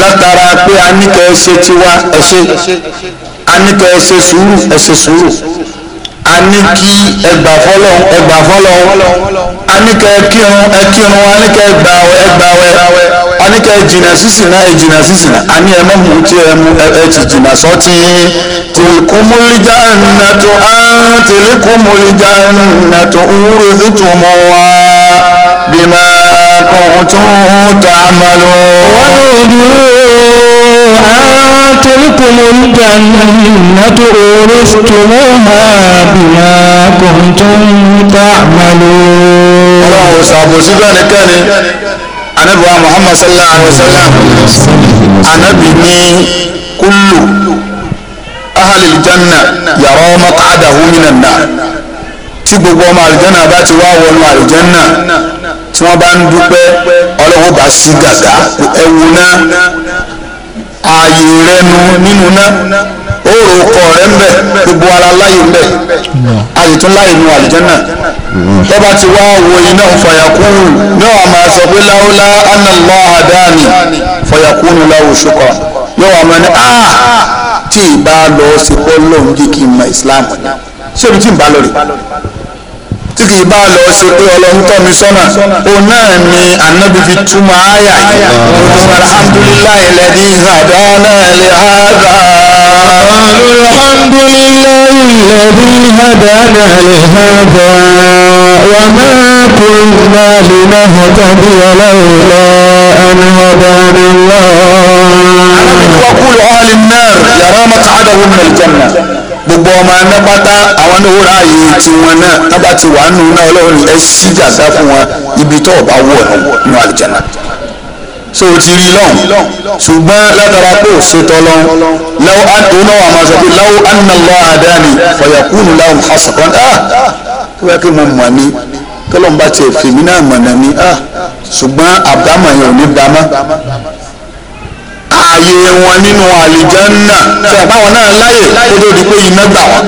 látara pé a ní kẹ́ ẹ ṣe tiwa ẹ ṣe a ní kẹ́ ẹ ṣe sùúrù ẹ ṣe sùúrù a ní kí ẹgbà fọlọ ẹgbà fọlọ a ní kẹ́ ẹ kírun ẹ kírun a ní kẹ́ ẹ gbàwẹ̀ ẹ gbàwẹ̀ ọ̀nìkẹ́ jìnnà sísìnà ẹ̀ jìnnà sísìnà Ani ẹ̀ mọ̀mú tí ẹ̀ mú ẹ̀ ti jìnnà sọ́tì tìlíkùmùlìjà nàtò án tìlíkùmùlìjà nàtò òwúrò ìtumọ̀ wá bímọ kọ̀ọ̀tún tààmàlú. wọ́n ní ìdúró án tìlíkùmùlìjà nàtò òwúrò ìtumọ̀ wá bímọ kọ̀ọ̀tún tààmàlú. ọlọ́run ṣàbòsí bẹ́ẹ̀ ni kẹ́ni anabi wa muhammad sallallahu alaihi wa sallam anabi ní kullu ahali janna yàrá ọmọ káàdà húmínà náà tí gbogbo ọmọ àlùjánà bá ti wá wọnú àlùjánà tí wọ́n bá ń dúpẹ́ ọlọ́wọ́ bá sí gàgà ẹ̀wù náà ààyè rẹ nu nínú náà ó rò rẹ ń bẹ̀ gbogbo ara láyé ń bẹ̀ àyè tó láyé nu àlùjánà tọ́ba ti wá wo iná fàyàkúrù ní wàá máa sọ pé láwùlá anàlọ́ àdáni fàyàkúrù láwù ṣùkọ́ yóò wàá máa ní a ah, tí ì bá lọ sí pọ́lọ́ ń jẹ́ kí n mọ ìsìláàmù ni ṣébi tí ì bá lọ rè tí kì í bá lọ ṣe pé ọlọ́run tọ́ mi sọ́nà òun náà ni ànábi fi túmọ̀ àyà yìí alhamdulilayi lẹ́ni hadana lè hada. alhamdulilayi lẹ́ni hadana lè hada. وما كنا لنهتدي لولا أن هدانا الله وقل أهل النار يرى مقعدهم من الجنة gbogbo ọmọ anápátá àwọn ní wúrà ayé tiwọn náà tábà ti wà nù náà ọlọ́run ẹ ṣí jàdá fún wọn ibi tó ọba wọ̀ nù àlìjànà so o ti rí lọ́n ṣùgbọ́n látara pé ò ṣe tọ́ lọ́n lọ́wọ́ àdó náà sọ pé lọ́wọ́ àná lọ́wọ́ àdáni fọyàkùnú láwùn hasan ah tó bá kí mo mọ̀ ni tọ́lọ́mù bá tiẹ̀ fèmí náà mọ̀nà ni ah ṣùgbọ́n àbámọ̀ yẹn ò ní bámọ́ ààyè wọn nínú àlìjánná tí àbáwọn náà láyè kó tó di pé iná gbà wọn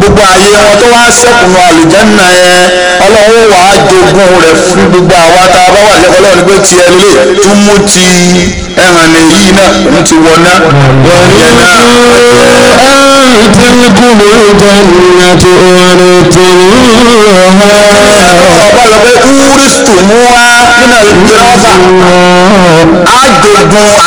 gbogbo ààyè wọn tó wá sẹ́kùnù àlìjánná yẹn ọlọ́run wà á jogún rẹ̀ fún gbogbo àwa tá a bá wà lẹ́kọ̀ọ́ lọ́wọ́ ni pé tiẹ̀ lè tún mú ti ẹ̀hàn lè yí náà òun ti wọ̀ ná. yẹn náà. تلك الجنة أرثموها أورثتموها من التراب àjogún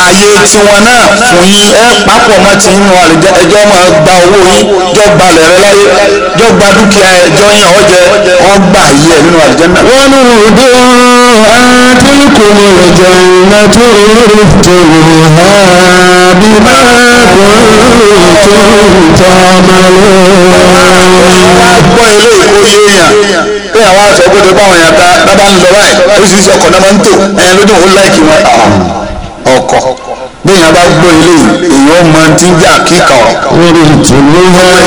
ààyè tiwọn náà fún yín ẹ papọ̀ mọ́ ti inú àlejò ẹjọ́ máa gba owó yín jọ gbalẹ̀ rẹ láyé jọ gba dúkìá ẹjọ́ yín ọ̀jẹ̀ wọ́n gbà yí ẹ nínú àlejò náà. wọ́n ní ìdí àtìkù ìrẹ̀jẹ̀ ìrẹ̀jẹ̀ ìrẹ̀jẹ̀ ìrẹ̀jẹ̀ ìrẹ̀jẹ̀ بما كنتم تعملون pé àwọn aṣọ gbọdọ báwọn yàn ká dábàá ń lọ báyìí oríṣiríṣi ọkọ náà máa ń tò ẹyìn lójú òun láìkì wọn ọkọ bí èèyàn bá gbọ́ ilé èèyàn máa ti ń jà kíkà ọ̀rọ̀. orí ìtùnú máa ń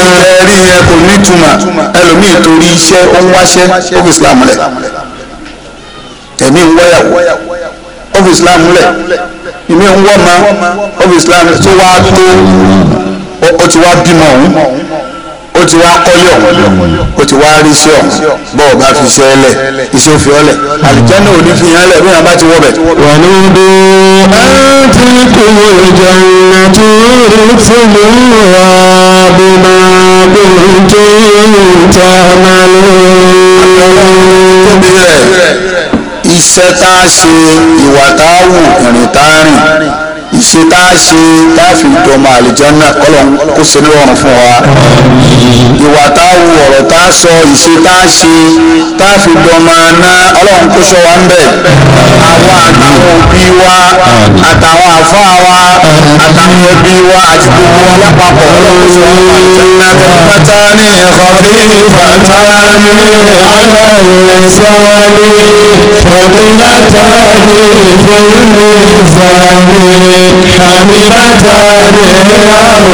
rí yẹn kò ní ìtumọ̀ ẹlòmíì torí iṣẹ́ ó ń wáṣẹ́ ó fi lẹ̀ ẹ̀mí ń wáyàwó ó fi lẹ̀ ìmí ń wọ́mọ of Islam tó wá tó ó ti wá bímọ òun ó ti wá kọ́lé ọ̀hún ó ti wá rí iṣẹ́ ọ̀hún bọ́ọ̀ bá fi iṣẹ́ ẹlẹ̀ iṣẹ́ òfin ọlẹ̀ àlùjànnà ò ní fi hàn lẹ̀ bí wọn bá ti wọ̀ bẹ̀. wọ́n ní bí ẹ̀ẹ́dì kò ìjà ìrìnà rí fún mi wà bí máa bí tó ń ta máa lọ. iṣẹ́ tá a ṣe ìwà tá a wù ìrìn tá a rìn ìṣe tá a ṣe tá a fi dọmọ àlìjánná kọlọ́n kó ṣe ní ọ̀run fún wa ìwà tá a wu ọ̀rọ̀ tá a sọ ìṣe tá a ṣe tá a fi dọmọ aná ọlọ́run kó ṣọ́ wa ń bẹ̀ àwa àtàwọn òbí wa àtàwọn àfa wa àtàwọn ẹbí wa àti gbogbo wa lápapọ̀ ọlọ́run ṣọ́ wa àlìjánná bẹ̀. fatani kọfí fatani alẹ́sọ́ni fọdúnlátàní fọdúnlátàní. حمدتان الرحمن سبحان الله وبحمده سبحان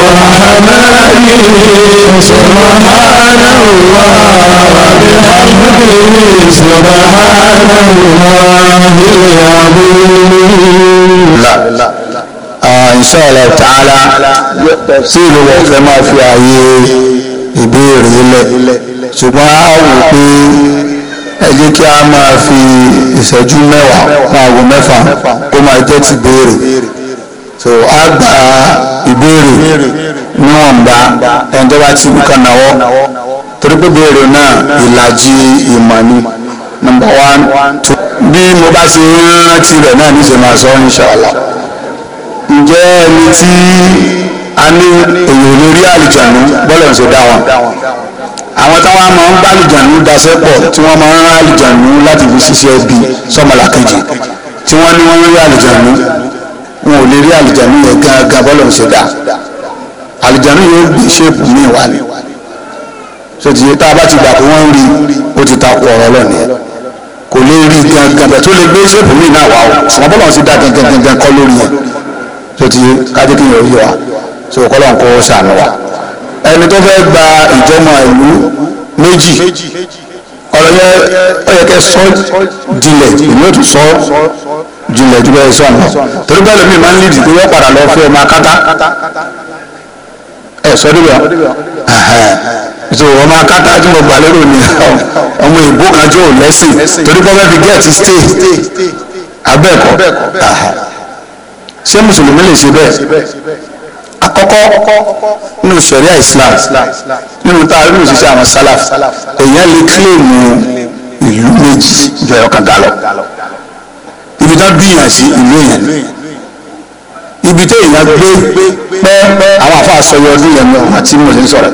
الله العظيم لا لا inṣọ́ọ̀lá tààlà tí ìlú wọn fẹ́ máa fi ààyè ìbéèrè ilẹ̀ ṣùgbọ́n a wò pé ẹ jẹ́ kí a máa fi ìṣẹ́jú mẹ́wàá fún aago mẹ́fà kó máa jẹ́ ti béèrè so a gba ìbéèrè níwọ̀nba ẹni tó bá ti ibi kan náwó torí pé béèrè náà ìlàjì ìmọ̀ ni nọ́mbà one two bí mo bá ṣe rántí rẹ̀ náà níṣẹ́ máa sọ inṣàlá ǹjẹ́ ẹni tí a ní èyí ò ní rí àlìjànú bọ́lẹ̀ ń ṣe dá wọn àwọn táwọn máa ń bá àlìjànú daṣẹ́ pọ̀ tí wọ́n máa ń rán àlìjànú láti fi ṣiṣẹ́ bíi sọ́mọlàkejì tí wọ́n ní wọ́n rí àlìjànú wọn ò lè rí àlìjánu yẹn gángan bọ́lọ̀ ṣe dá àlìjánu yóò gbé ṣéèpù míì wá ni sọtì yìí tá a bá ti gbà pé wọ́n ń rí ó ti ta kú ọ̀rọ̀ lọ́nìí kò lè rí gángan bẹ̀ tó lè gbé ṣéèpù míì náà wá o ṣùgbọ́n bọ́lọ̀ ṣe dá gángan kọ́ lórí yẹn sọtì yìí kí yẹn rí wa sọ kọ́lọ̀ ń kó sànù wa ẹni tó fẹ́ gba ìjọmọ ìlú méjì ọ̀rọ̀ yẹn ó yẹ kẹ́ sọ dilẹ̀ ìlú ètò sọ jùlọ ju bẹ́ẹ̀ sọ̀n lọ torí bẹ́ẹ̀ lómi máa ń lídìí pé wọ́n padà lọ fẹ́ ọmọ akátá ẹ̀ sọ́dí wọ́n so ọmọ akátá tí mo gbà lérò ni ọmọ ìbò kan tí ò lẹ́sìn torí bọ́ bẹ́ẹ̀ fi gẹ́ẹ̀tì stay abẹ́ẹ̀kọ́ ṣé mùsùlùmí lè ṣe bẹ́ẹ̀ àkọ́kọ́ nínú sẹ̀ríà islam nínú tá a rí òṣìṣẹ́ àwọn sálàf èèyàn lè kílèmù ìlú méjì jọyọ̀ kan gálọ̀ bá bíyàn sí ìlú èèyàn ibi tí èèyàn gbé pẹ́ àwọn àfa àsọyọ ọdún yẹn náà àti mo ti ń sọ̀rọ̀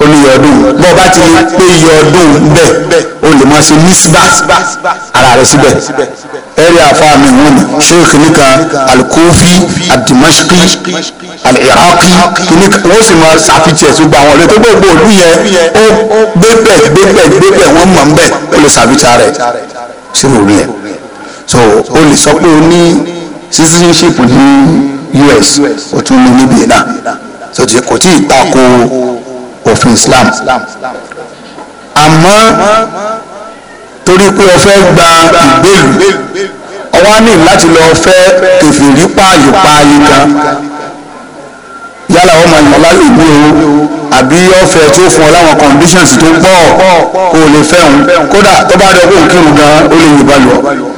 ó ní iye ọdún bọ́ ọ bá ti lè pé iye ọdún bẹ́ẹ̀ o lè máa ṣe nísìbà ara rẹ̀ síbẹ̀ ẹ̀rí àfa mi wọ́n ni sheikh nika alikofi adimashiki aliraki nika wọ́n sì máa ṣàfihàn tó gba àwọn ọ̀rẹ́ tó gbogbo òlú yẹn ó gbé bẹ́ẹ̀ gbé bẹ́ẹ̀ gbé bẹ́ẹ̀ wọ́n mọ̀ ń bẹ́ẹ̀ ó lè ṣàfihàn rẹ̀ sínú òlú yẹn so o lè sọ pé o ní citizenship ní US o tún ní níbí náà so kò tí ì tako òfin Islam àmọ́ torí pé o fẹ́ gba ìgbélú ọwọ́ ní láti lọ fẹ́ kẹfìrí pààyè pààyè kan yálà ọmọ ìmọ̀lá ìbú o àbí ọ̀fẹ́ tó fún ọ láwọn conditions tó pọ̀ kó o lè fẹ́ òun kódà tó bá dọ̀ kó o kírun gan o lè yìnbọn lọ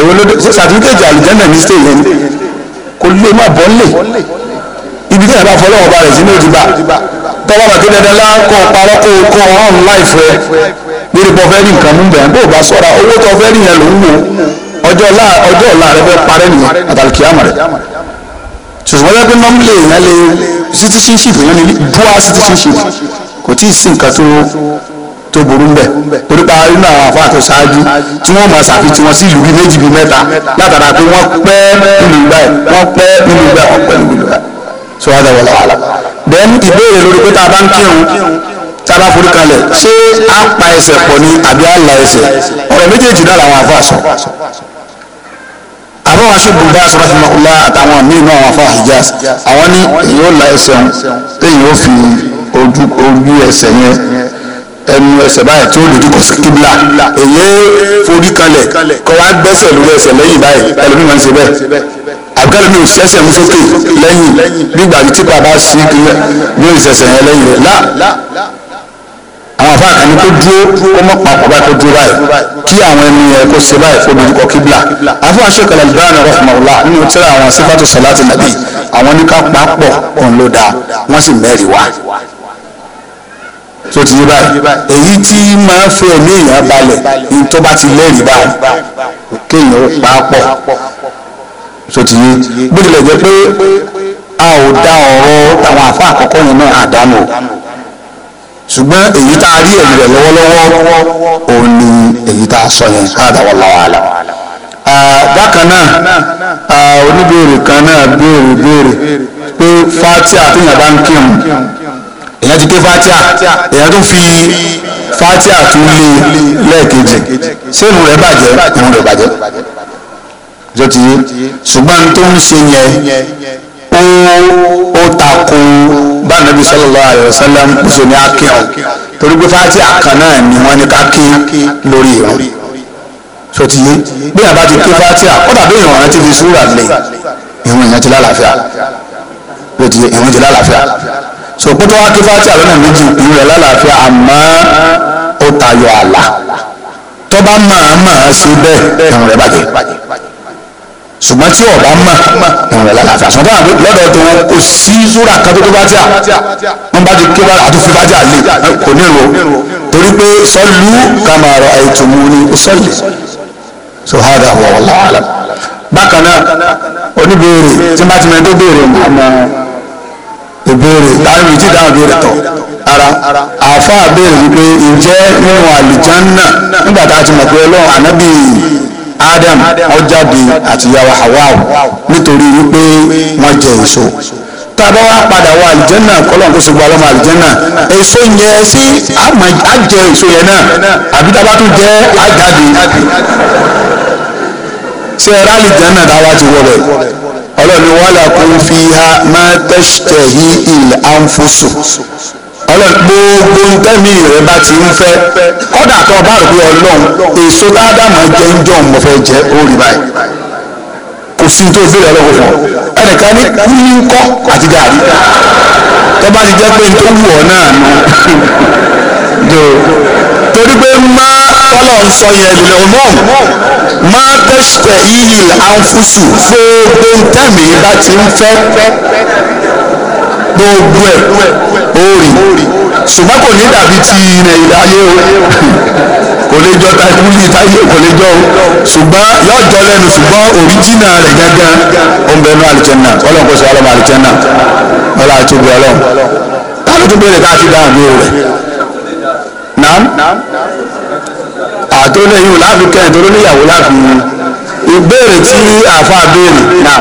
èwo ló dé sàtífíkèjì àlùjẹ́nà ní stéè yẹn kò lè má bọ́ lè ibi tí yàrá fọlọ́wọ́ ba rẹ̀ sí ní òdìbà tọ́wọ́ bàtí dandan lá kó parọ́ kó kó ọ̀hún láìfẹ́ lórí bọ́ fẹ́ rí nǹkan mú bẹ́ẹ̀ bó o bá sọ̀ra owó tó fẹ́ rí yẹn ló ń wò ọjọ́ ọ̀la ọjọ́ ọ̀la rẹ fẹ́ parẹ́ nìyẹn àtàlùkìyàmọ̀ rẹ̀ ṣùgbọ́n bẹ́ẹ̀ pé nọ́mbìlì yẹn lè citizenship yẹn ni bua citizenship kò tí ì sí nǹkan tó tó burú mbẹ torí pa nínú àwọn àfáà tó ṣáájú tí wọn máa ṣàfihàn wọn sí ìlú bíi méjì bíi mẹ́ta látara pé wọn pẹ́ nínú ìgbà yìí wọn pẹ́ nínú ìgbà yìí wọn pẹ́ nínú ìgbà yìí so wàá dàgbà wàhálà. then ìbéèrè lórí pé tá a bá ń kírun tá a bá forí kalẹ̀ ṣé a pa ẹsẹ̀ pọ̀ ni àbí a la ẹsẹ̀ ọ̀rọ̀ méjèèjì náà làwọn àfáà sọ àwọn aṣọ́gun bá aṣọ rahimahulá àtàwọn míì náà wọn fún hijaz àwọn ní èyí ó la ẹsẹ̀ wọn téèyàn ó ẹnu ẹsẹ̀ báyìí tí ó dojú kọ sí kíbla èyí forí kalẹ̀ kọ́ wa gbẹ́sẹ̀ lórí ẹsẹ̀ lẹ́yìn báyìí ẹlòmí máa ń ṣe bẹ́ẹ̀ àbíkálẹ̀ mi ò ṣẹ́sẹ̀ mú sókè lẹ́yìn nígbà tí bàbá sí kílẹ̀ ní ìṣẹ̀ṣẹ̀ yẹn lẹ́yìn rẹ̀ lá àwọn afá kan ní kó dúró kó mọ̀ papọ̀ báyìí kó dúró báyìí kí àwọn ẹni yẹn kó ṣe báyìí kó dojú kọ kíbla afọ àṣekọ̀lá ibrahim rahmanullah nínú tíra àwọn sífàtò sọ̀láàtì nàbí àwọn oníkà pápọ̀ òun ló dáa wọ́n sì mẹ́rin wá tó ti yé báyìí èyí tí máa ń fẹ́ ẹ̀mí èèyàn balẹ̀ ní tó bá ti lẹ́rìí báyìí kéèyàn pa á pọ̀ tó ti yé bó tilẹ̀ jẹ́ pé a ò dá ọ̀rọ̀ àwọn àfa àkọ́kọ́ yẹn náà àdánù ṣùgbọ́n èyí tá a rí ẹ̀rí rẹ̀ lọ́wọ́lọ́wọ́ òun ni èyí tá a sọ yẹn káàdà wọ́n lọ́wọ́ àlọ́ bákan náà oníbèrè kan náà béèrè béèrè pé fatia àti yàrá ń kírun èèyàn ti ké fatia èèyàn tó fi fatia tó lé lẹ́ẹ̀kejì sẹ́nu rẹ̀ bàjẹ́ ìrun rẹ̀ bàjẹ́ jọ ti yé ṣùgbọ́n tó ń ṣe yẹn ó ó takò bá nàbí sallallahu alaihi wasallam kò ṣe ní akíọ̀ torí pé fatia kan náà ni wọ́n ní ká ké lórí ìrun jọ ti yé bí àbá ti ké fatia kódà bí ìrun ọ̀rẹ́ ti fi súrà lé ìrun ìyẹn ti lálàáfíà jọ ti yé ìrun ti lálàáfíà so kótó wá kí fati àlọ́nà méjì ìpín rẹ̀ lálàáfíà àmọ́ ó tayọ àlà tó bá máa máa ṣe bẹ́ẹ̀ ẹ̀rùn rẹ̀ bàjẹ́ ṣùgbọ́n tí ọba mọ̀ ẹ̀rùn rẹ̀ lálàáfíà ṣùgbọ́n àwọn lọ́dọ̀ tó wọn kò sí zúrà kan tó tó fati à wọn bá ti ké wá àti fi fati à lè kò ní ìrò torí pé sọlú kàmàrà ẹ̀tùmù ni ó sọlì so hada wà wàlá àlà bákan náà oníbèrè tí bá ti mẹ́tò béèrè mọ́ ìbéèrè láàrin ìjì dáhùn béèrè tọ̀ ara àáfàá béèrè wípé ǹjẹ́ nínú àlìjánná nígbà tá a ti mọ̀ pé ọlọ́run ànábì Adam ó jáde àti ìyàwó Hawa nítorí wípé wọ́n jẹ èso tábà wá padà wọ àlìjẹ́nà kọ́lọ́n kó sọgbà lọ́mọ àlìjẹ́nà èso yẹn sí àjẹ èso yẹn náà àbí tábà tún jẹ́ àjáde ṣe ẹ̀rọ àlìjẹ́nà táwa ti wọ̀ ọlọ́ni wàhálà kún fi ha máa tẹ́sítẹ̀hí ilẹ̀ ànfọ́sọ ọlọ́ni gbogbo ntẹ́mi rẹ bá ti ń fẹ́ kọ́dà tó bá rò pé ọlọ́run èso tá a dá máa jẹ ń jọ mọ̀ fẹ́ jẹ ó báyìí kò sí tó bèrè ọlọ́run fún ọ ẹnìkan ní kúlí ńkọ́ àti gàrí tó bá ti jẹ́ pé tó wù ọ náà nù [LAUGHS] torí pé máa tọ́lọ̀ ń sọ yẹn lè mọ̀ máa tẹ̀sítẹ̀ ìhì àǹfùsù gbogbo tẹ̀mí bá ti ń fẹ́ gbogbo ẹ̀ ó rí ṣùgbọ́n kò ní dàbí ti ilẹ̀ ìdáyé o kò lè jọ taikúlì táyé kò lè jọ o ṣùgbọ́n yóò jọ lẹ́nu ṣùgbọ́n òríjìnà rẹ̀ gángan ọ̀nbẹ̀nu àlùjẹ̀nà ọlọ́run kò sọ ọlọ́run àlùjẹ̀nà ọlọ́run àtúbọ̀ ọlọ́run táwọn tó béèrè káàkiri dáhùn ní o rẹ̀ nàám tó lẹ́yìn o láàfin kẹrin tó lóníyàwó láàfin ìbéèrè tí àáfàá béèrè náà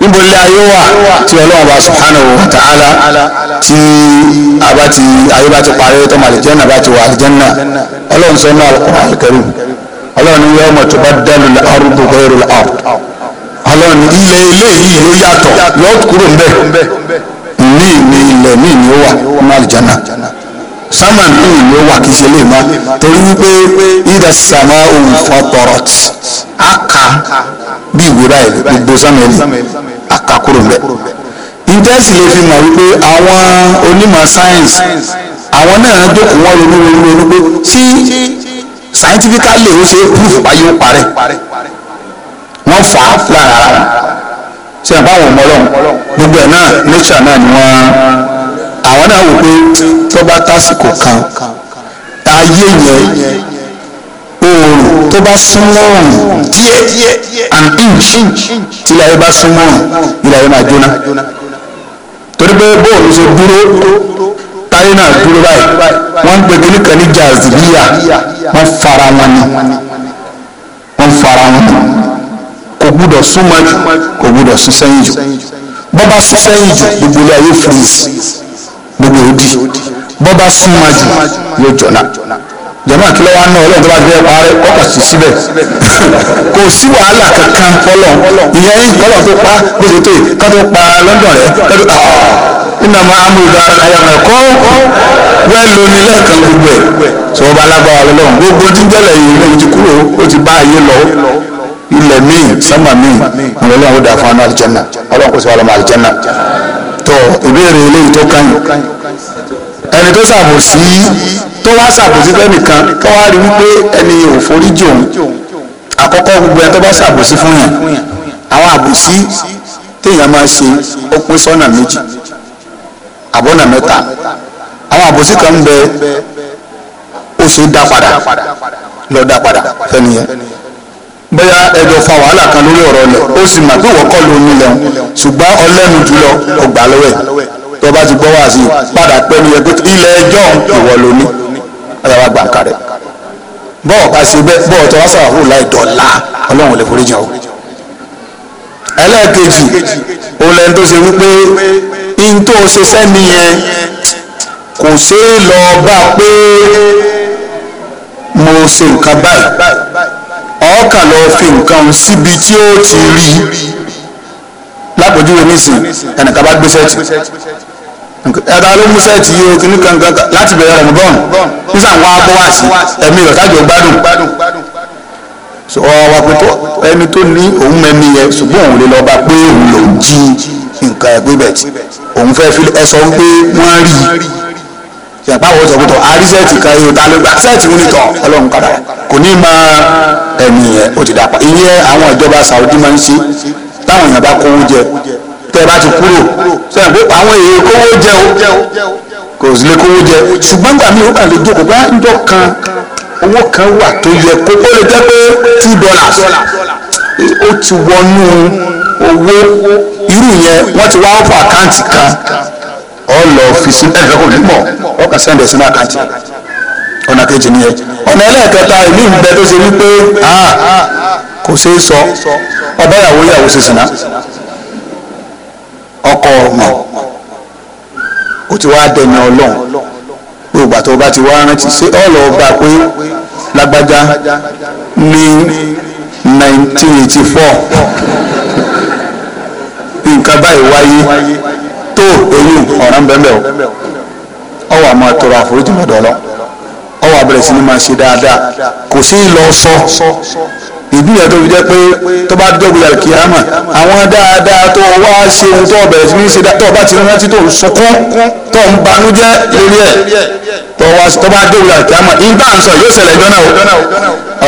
níbo ilé ayé wà tí ọlọ́run bá subhanahu wa ta'ala tí abá ti ayé bá ti parí tọ́mọ àlìjẹ́nà bá ti wà àlìjẹ́nà ọlọ́run sọ náà Al-Qur'an Al-Karim ọlọ́run ní yawma tubaddalu al-ardu ghayru al ọlọ́run ilẹ̀ ilé yìí ló yàtọ̀ lọ́ọ̀kúrò ń bẹ̀ mí ilẹ̀ mí ni wà ọmọ àlìjẹ́nà sámà nínú ló wà kí ṣe lè má torí wípé ìdá sàmà òun fọtọrọt àkà bí ìwé báyìí gbogbo sámẹ́lì àkà kúrò bẹ́ẹ̀. ìtẹ́sì lè fi mọ̀ wípé àwọn onímọ̀ sáyẹ́nsì àwọn náà jókòó wọn ronú ronú ronú pé tí scientifically ó ṣe proof ayé ó parẹ́ wọ́n fà á lára ṣe àbáwọn ọmọ gbogbo ẹ̀ náà nature náà ni wọ́n àwọn náà wò pé tó bá tásìkò kan ayé yẹn oòrùn tó bá súnmọ́ ọ̀rùn díẹ̀ an inch tí ayé bá súnmọ́ ọ̀rùn ilẹ̀ ayé máa jóná torí pé bóòlù ṣe dúró táyé náà dúró báyìí wọ́n ń gbẹ̀gbẹ́ nìkan ní jàzìlíyà wọ́n fara wọn ni wọ́n fara wọn ni kò gbúdọ̀ súnmọ́ jù kò gbúdọ̀ sún sẹ́yìn jù bọ́ bá sún sẹ́yìn jù gbogbo ilé ayé freeze gbogbo odi bọ́ bá súnmọ́ jù yóò jọ̀nà jọ̀nà kí ló wá ná ọlọ́run tó bá fẹ́ parẹ́ kọ́kà sí síbẹ̀ [LAUGHS] kò sí wàhálà kankan fọlọ́ ìyẹn kọ́lọ́ tó pa bó ṣe tó yìí kọ́ tó pa lọ́dọ̀ rẹ̀ kọ́ tó ah, iná máa mú ìdára ayọ̀mọ̀ ẹ̀kọ́ wẹ́ẹ́ lo ní lẹ́ẹ̀kan gbogbo ẹ̀ tí wọ́n bá lágbára lọ́lọ́run gbogbo jíjẹ́lẹ̀ yìí ló ti kúrò ó ti bá ayé lọ ilẹ̀ míì sánmà míì àwọn ọlọ́run ó dà fún aná àlùjànnà ọlọ́run kò sí wàhálà máa àlùjànnà tọ ìbéèrè eléyìí tó kàn yín ẹni tó ṣàbòsí tó wá ṣàbòsí fẹ́nìkan tó wá rí wípé ẹni ò foríjì òun àkọ́kọ́ gbogbo ẹni tó bá ṣàbòsí fún yàn àwọn àbòsí téèyàn máa ṣe ó pín sọ́nà méjì àbọ̀nà mẹ́ta àwọn àbòsí kan ń bẹ ó ṣe dá padà lọ dá padà fẹ́niyẹn bóyá ẹjọ́ fa wàhálà kan lórí ọ̀rọ̀ lẹ̀ ó sì mà pé wọ́kọ́ ló ní lẹ́hún ṣùgbọ́n ọlẹ́nu jùlọ ọgbà lọ́wẹ̀ tó bá ti gbọ́ wá sí i padà pẹ́ ní ẹgbẹ́ ilẹ̀ ẹjọ́ ìwọ ló ní ọ̀yàwó àgbà kárẹ̀ bọ́ọ̀ bá ṣe bẹ́ẹ̀ bọ́ọ̀ tó wá sàwáhù láì dọ̀la ọlọ́run lè forí jẹun. ẹlẹ́ẹ̀kejì òun lẹ́ni tó ṣe wípé in tó ṣe sẹ́ni yẹn kò ṣeé lọ bá pé mo ṣe nǹkan báyìí ọkà lọ fi nǹkan síbi tí ó ti rí i lápòjúwe nísìn ẹnìkan bá gbé sẹ́ẹ̀tì ẹ̀ka ló mú sẹ́ẹ̀tì yìí o kìíní kankan láti bẹ̀rẹ̀ rẹ̀ bọ́ọ̀n nísà ń wá bọ́ wá sí ẹ̀mí rẹ̀ tájọ gbádùn sọ wà pé ẹni tó ní òun mẹ́ni yẹ ṣùgbọ́n òun lè lọ bá pé òun lòún jí nǹkan ẹ̀gbẹ́ bẹ̀tì òun fẹ́ fi ẹ̀sọ́ pé wọ́n rí i yàgbá wo sọ̀kòtò àrísẹ́ẹ̀tì kan yóò ta ló gba sẹ́ẹ̀tì onítọ̀ ọlọ́run kadà kò ní ma ẹ̀mí yẹn ó ti dà pa ìyẹn àwọn ìjọba Saudi máa ń ṣe táwọn èèyàn bá kówó jẹ tẹ́ ẹ bá ti kúrò sẹ́yìn pé àwọn èèyàn kówó jẹ o kò sí lè kówó jẹ ṣùgbọ́n gbà mí ó kàn lè jókòó bá ah, ń jọ kan owó kan wà tó yẹ kó ó lè jẹ́ pé two dollars ó ti wọnú owó irú yẹn wọ́n ti wá ọ̀pọ̀ àkáǹtì kan. ọ lọ fi ọka ẹ̀ lọ́kọ̀ ọkà sẹ́ndẹ̀ sínú àkáǹtì ọ̀nà kejì nìyẹn ọ̀nà ẹlẹ́ẹ̀kẹta ìlú ìbẹ tó ṣe wípé sọ ọba ìyàwó ìyàwó ṣe sìnà ọkọ ọmọ ti wá dẹni gbogbo ọba ti wá rántí ṣé ọ̀lọ́ ọba pé lágbájá ní nineteen eighty four tó eyín ọ̀ràn bẹ́ẹ̀ o ọwọ́ àmọ́ tọrọ àforíjì lọ́dọ̀ ọlọ́ ọwọ́ abẹ́rẹ́ sí ni máa ṣe dáadáa kò sí lọ sọ ìdí yẹn tó fi jẹ́ pé tó bá dọ́gba yàrá kìámà àwọn dáadáa tó wá ṣe ohun tó bẹ̀rẹ̀ sí ní ṣe tó bá ti rántí tó ń sunkún tó ń banújẹ́ lórí ẹ̀ tó wá bá dọ́gba yàrá kìámà ìgbà ń sọ yóò ṣẹlẹ̀ jọ́nà o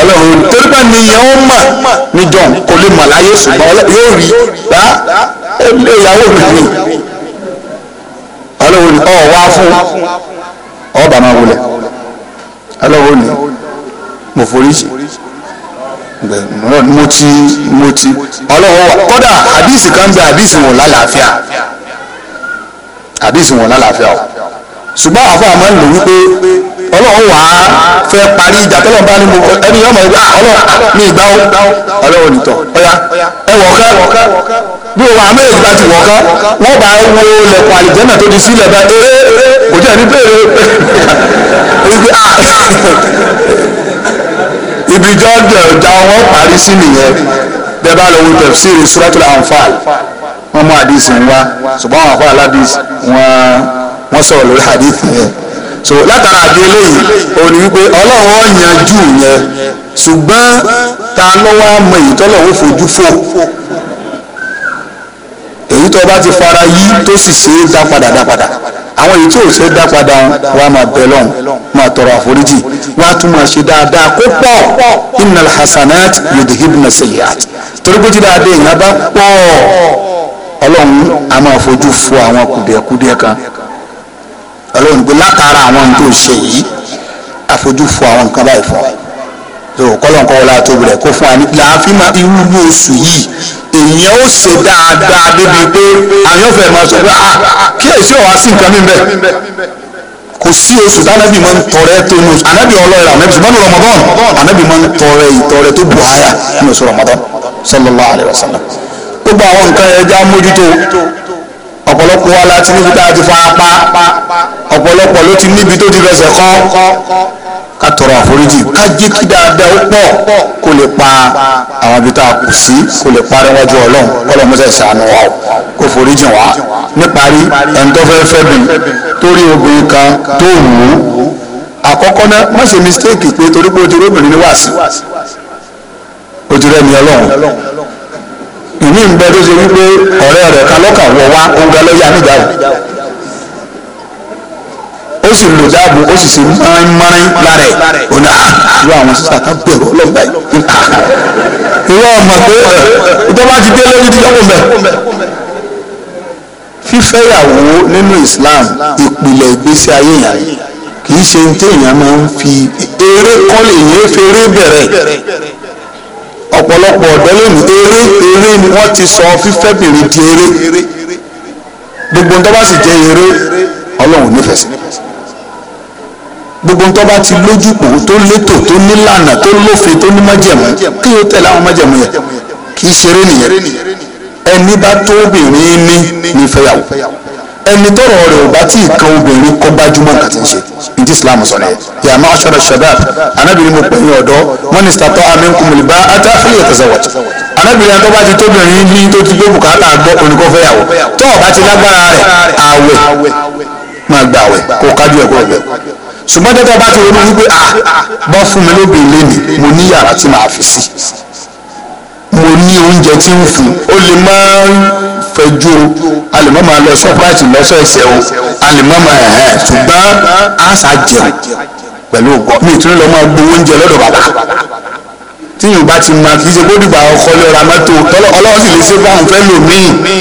ọlọ́run torí pé nìyẹn ó mà níjọ́ kò lè mà láyé ṣùgbọ́n yóò rí bá ìyàwó mi ni ọlọ́wọ́ ni ọ̀ wá fún ọba máa wọlé ọlọ́wọ́ ni mo forí jì mo ti mo ti ọlọ́wọ́ wa kódà àdìsí kan bẹ àdìsí wọn lálàáfíà àdìsí wọn lálàáfíà o ṣùgbọ́n àfọ àmọ́ ń lò wípé ọlọ́run wà á fẹ́ parí ìjà tọ́lọ́ bá ní mo ẹni ọmọ ìgbà ah, ọlọ́run mi ìgbà ó ọlọ́run nìtọ̀ ọ̀ya ẹ̀wọ̀ kẹ́ bí o wà á mẹ́rin ìgbà tí wọ́n ká wọ́n bá wo lẹ̀kùn àlìjẹ́nà tó di sílẹ̀ bá eré kò jẹ́ ní bèrè ah! ibi jọ́jọ́ ìjà wọn parí sí nìyẹn bẹ́ẹ̀ bá lọ wo tafsiri suratul anfal wọ́n mú àdìsí ń wá ṣùgbọ́n àwọn afọ aládìsí wọ́n wọ́n sọ̀rọ̀ lórí àdìsí yẹn so látara àdé eléyìí òní wípé ọlọ́run ó yanjú yẹn ṣùgbọ́n ta ló wá èyí tọ́lọ́run èyí tó bá ti fara yí tó sì ṣe é dá padà dá padà àwọn èyí tí ò ṣe é dá padà wa máa bẹ lọ́hùn máa tọrọ àforíjì wá tún máa ṣe dáadáa kó pọ̀ innal hasanat yudhibna sayyiat torí pé tí dáadé èèyàn bá pọ̀ ọlọ́run a máa fojú fo àwọn kùdìẹ̀kùdìẹ̀ kan ọlọ́run gbé látara àwọn tó ṣe yìí àfojú fo àwọn nǹkan báyìí fún ọ kọ́lọ́nkọ́ wọlé àtòbí rẹ̀ kó fún wa ní làáfíà irú oṣù yìí èèyàn ó ṣe dáadáa débi pé àwọn yóò fẹ́ máa sọ pé ah, ah, ah kí èsì ọ̀wá sí nǹkan mi bẹ́ẹ̀ kò sí oṣù tánàbì máa ń tọrẹ tó ní oṣù ànábì ọlọ́ọ̀rẹ́ ànábì ṣùgbọ́n ní Ramadan ànábì máa ń tọrẹ ìtọrẹ tó bù áyà ní oṣù Ramadan sallallahu alayhi wa sallam gbogbo àwọn nǹkan ẹja mójútó ọ̀pọ̀lọpọ̀ wa láti níbi tá a ti fara pa ọ̀pọ̀lọpọ̀ ló ti níbi tó ti fẹsẹ̀ kọ́ ká tọrọ àforíjì ká jẹ́ kí dáadáa ó pọ̀ kó lè pa àwọn ibi tá a kù sí kó lè parí wájú ọlọ́run kọ́lọ́ mọ́sẹ̀ ṣàánú wa o kó forí jìn wá níparí ẹni tó fẹ́ fẹ́ bìn torí obìnrin kan tó wù ú àkọ́kọ́ náà má ṣe mistake pé torí pé o ti rí obìnrin ní wàásù o ti rẹ́ ni ọlọ́run ìmí ń bẹ tó ṣe wípé ọ̀rẹ́ rẹ̀ kan lọ́kàn wọ̀ wá ó lọ́yà nígbà yìí ó sì lò dáàbò ó sì ṣe mọ́rin mọ́rin lára ẹ̀ ònà ah, irú àwọn sísá kan bẹ̀rù ọlọ́gbà yìí irú ọmọ pé tó bá ti dé lórí ti yọkùn bẹ̀. fífẹ́yàwó nínú Islam ìpìlẹ̀ ìgbésí ayé yẹn kì í ṣe téèyàn máa ń fi eré kọ́lé yẹn fèrè bẹ̀rẹ̀ ọ̀pọ̀lọpọ̀ ọ̀dọ́ lónìí eré eré ni wọ́n ti sọ fífẹ́bìnrin di eré gbogbo ń tọ́ bá sì jẹ́ eré Ọlọ́run nífẹ̀ẹ́ sí gbogbo ń tọ́ba ti lójúpò tó létò tó nílànà tó lófin tó ní májẹ̀mú kí yóò tẹ̀lé àwọn májẹ̀mú yẹn kì í ṣeré nìyẹn ẹni bá tó obìnrin ní ní fẹ́yàwó ẹni tọrọ rẹ ò bá tí ì kan obìnrin kọ gbajúmọ̀ nǹkan tí ń ṣe ìdí islam sọ nìyẹn yà máa ṣọrọ shabab anábìrin mo pẹ̀yìn ọ̀dọ́ wọn ni sàtọ́ amínkùnmùlì bá ata fẹ́yẹ̀ tẹ̀sẹ̀wọ̀tì anábìrin tó bá ti tóbìnrin ní tó ti gbé bùkátà gbọ́ oníkọ́ fẹ́yàwó tó o bá ti lágbára rẹ̀ àwẹ̀ máa gbà àwẹ̀ kó o kájú ẹ̀ kó o bẹ̀ ṣùgbọ́n dẹ́gbẹ́ bá ti ronú wípé ah bọ́ fún mi lóbi lẹ́nu mo ní yàrá tí màá fi sí mo ní oúnjẹ tí ń fún ó lè máa fẹjú o a lè má máa lọ sọpráìtì lọ́sọ̀ọ̀sẹ̀ o a lè má máa ẹ̀hẹ́ ṣùgbọ́n àṣà jẹun pẹ̀lú ògbọ́n mi ìtúrẹ́ lọ́ máa gbowó oúnjẹ lọ́dọ̀ bàbá tí yóò bá ti máa kì í ṣe kó dìgbà ọkọ lé ọ̀rá mọ́tò ọlọ́wọ́ sì lè ṣe fáwọn fẹ́ lòmíì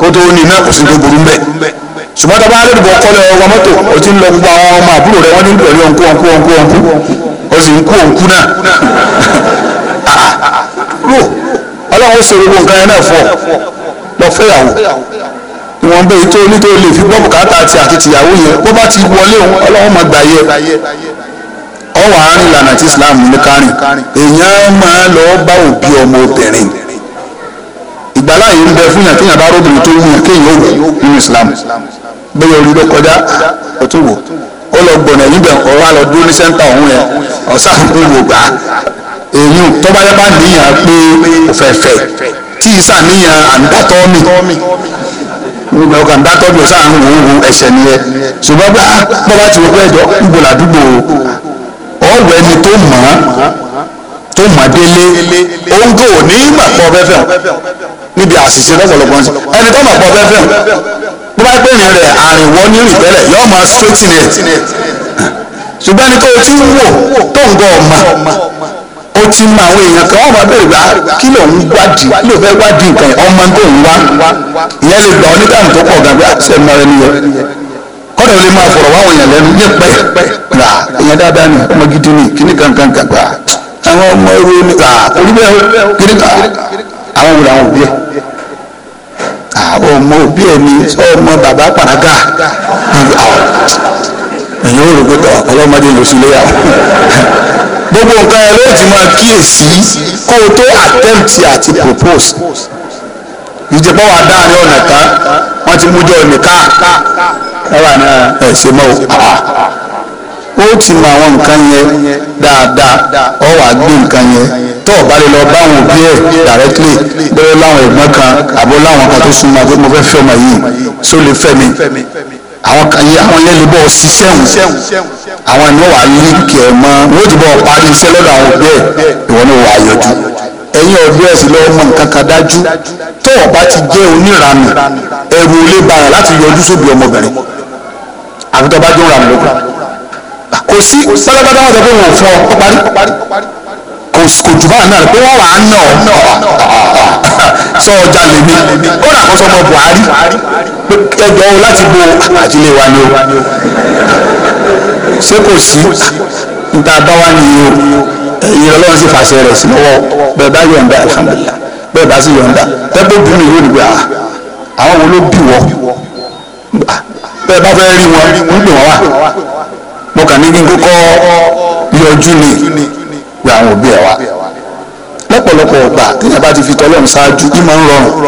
kó tó ní iná kò sí tó burú bẹ́ẹ̀. ṣùgbọ́n tó bá lóòdìbò kọ́lẹ̀ ọwọ́ mọ́tò o ti ń lọ gbogbo àwọn ọmọ àbúrò rẹ wọ́n ní pẹ̀lú òǹkú òǹkú òǹkú òǹkú o sì ń kú òǹkú náà [LAUGHS] rò ọlọ́run ó ṣòro gbogbo nǹkan yẹn náà fọ lọ fẹ́yàwó ìwọ̀n bẹ́ẹ̀ tó ní tó lè fi gbọ́ bùkátà àti wọlé òun ọlọ́run gbà yẹ ọwọ́ àárín ìlànà tí Islam ní kárìn lọ bá òbí ọmọ obìnrin ìgbàláyé ń bẹ fún Islam. bóyá orí ló kọjá ó tún wò ó lọ gbọ̀nà níbẹ̀ ọ̀rọ̀ àlọ́ dúró ní sẹ́ńtà ọ̀hún yẹn ọ̀sán ń wò gbà èyí tó bá yẹ bá níyàn pé òfẹ́fẹ́ tí ìsà níyàn àǹdátọ́ mi nígbà ọkàn dátọ́ mi ọ̀sán àrùn òun wo ẹ̀ṣẹ̀ nìyẹn ṣùgbọ́n bá bọ́ bá ti wọ́pọ̀ ẹ̀jọ́ níbo làdúgbò ọ̀wẹ́ ni tó mọ̀ tó mọ̀ délé òun kò ní ìgbà pọ̀ fẹ́fẹ́ níbi àṣìṣe lọ́pọ̀lọpọ̀ ẹni tó mọ̀ pọ̀ bẹ́ẹ̀ fẹ́ bó bá pè ní rẹ̀ àrìnwọ́ ní rìn tẹ́lẹ̀ yóò máa straighten it ṣùgbọ́n ẹni tó o ti ń wò tó ń gbọ́ ọ̀ma o ti mọ àwọn èèyàn kan wọ́n máa bẹ̀rẹ̀ gbà ah, kí ló ń wádìí kí ló fẹ́ wádìí nǹkan yẹn ọmọ tó ń wá ìyẹn lè gbà onídàámu tó pọ̀ gàgbé àṣẹ ah, mọ ẹni kọ́dọ̀ lè máa fọ̀rọ̀ wáwọn èèyàn lẹ́nu ní pẹ́ rà ah, èèyàn dáadáa ni ọmọ gidi ni kíní kankan gbà àwọn ọmọ ẹrú ni rà orí bẹ́ẹ̀ kíní kan àwọn òwúrọ̀ àwọn òbí ẹ̀ ọmọ òbí ẹni ọmọ bàbá pàrágà èyí ò rò pé ọlọ́mọdé ló sí léyà gbogbo nǹkan ẹ ló ti máa kíyèsí kó o tó attempt àti propose ìjẹpọ̀ wa dáa ní ọ̀nà kan wọ́n ti mújọ nìka ẹ̀wà náà ẹ̀ ṣe mọ́ o ó ti mọ àwọn nǹkan yẹn dáadáa ọ̀ wá gbé nǹkan yẹn tó o bá lè lọ bá àwọn òbí ẹ̀ directly bẹ́ẹ̀ láwọn ẹ̀gbọ́n kan àbọ̀ láwọn kan tó súnmọ́ àbí mo fẹ́ fẹ́ ọmọ yìí tó lè fẹ́ mi àwọn kan yẹ àwọn yẹn lè bọ̀ sí sẹ́wọ̀n àwọn ẹ̀mí wà líkì ẹ̀ mọ́ wọ́n ti bọ̀ parí iṣẹ́ lọ́dọ̀ àwọn òbí ẹ̀ ìwọ ni wàá yọjú ẹ̀yin ọ̀bí ẹ̀ sì lọ́wọ́ mọ nǹkan kan dájú tó o bá ti jẹ́ oníranù ẹ̀rù olè bàrà láti yọjú sóbi ọmọbìnrin àfi tó o bá jẹ́ oníranù lókun kò sí sálábàdàn àtẹ̀kọ́ wọn fún ọ parí kò jù báyìí náà pé wọ́n wà á nà ọ́ sọ ọjà lèmi ó rà kó sọmọ Buhari ẹjọ́ o láti bo àjílé wa ni o ṣé kò sí níta bá wà ní o ẹ̀yin Ọlọ́run sì fàṣẹ rẹ̀ sí lọ́wọ́ bẹ́ẹ̀ bá yọ̀ǹda alhamdulilah bẹ́ẹ̀ bá sì yọ̀ǹda tẹ́gbẹ́ bí mi yóò dìgbà àwọn wo ló bì wọ́ bẹ́ẹ̀ bá fẹ́ rí wọn ń pè wọ́n wá mo kàn ní kí n kókó yọjú ni pé àwọn òbí ẹ̀ wá lọ́pọ̀lọpọ̀ ọgbà téèyàn bá ti fi tọ́lọ́run ṣáájú kí máa ń rọrùn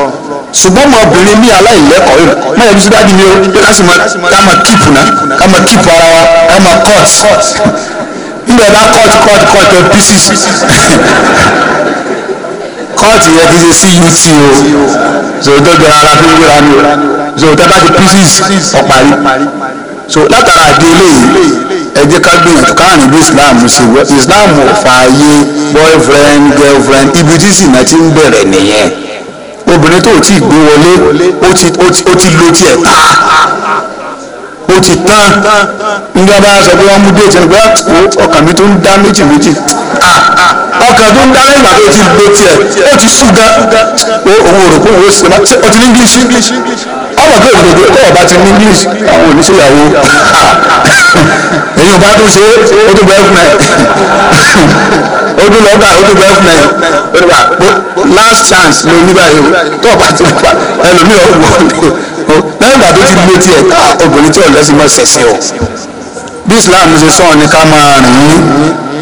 ṣùgbọ́n mo obìnrin mi aláìlẹ́kọ̀ọ́ yìí máa yẹ bísídájú mi o ká sì máa ká máa kíìpù náà ká máa kíìpù ara wa ká máa cut nígbà bá cut cut cut ẹ pieces cut yẹ kí ṣe cut o so dọ́jọ́ ara fi ń wéra ni o so tẹ́ bá ti pieces ọ̀parí so látara àdé eléyìí ẹ jẹ́ ká gbìyànjú káàrin bí islam ṣe wọ islam ò fààyè boyfriend girlfriend ibi tí sìnà ti ń bẹ̀rẹ̀ nìyẹn obìnrin tó ti gbé wọlé ó ti lo tiẹ̀ ta ó ti tán níjọba sọ pé wọ́n mú déètì nígbà ah, ọkàn mi ah, tó ń dá méjì méjì ọkàn tó ń dá lẹ́yìn àti ó ti lo tiẹ̀ ó ti sùn gan òun ò rò pé òun ó sè é ó ti ní english english english ọmọ kí òdodo tó ọba ti ní english àwọn oníṣẹ́yàwó èyí ò bá tún ṣe ó tún bẹ́ẹ̀ fún ẹ ó tún lọ́ọ́ bá ó tún bẹ́ẹ̀ fún ẹ ó tún bá last chance ló ní báyìí tó ọba ti pa ẹlòmíì ọ̀gbọ́n lẹ́yìn ìgbà tó ti gbé tiẹ̀ obìnrin tí ọ̀lẹ́sìn mọ́ sẹ̀sìn o bí islam ṣe sọ ni ká máa rìn ní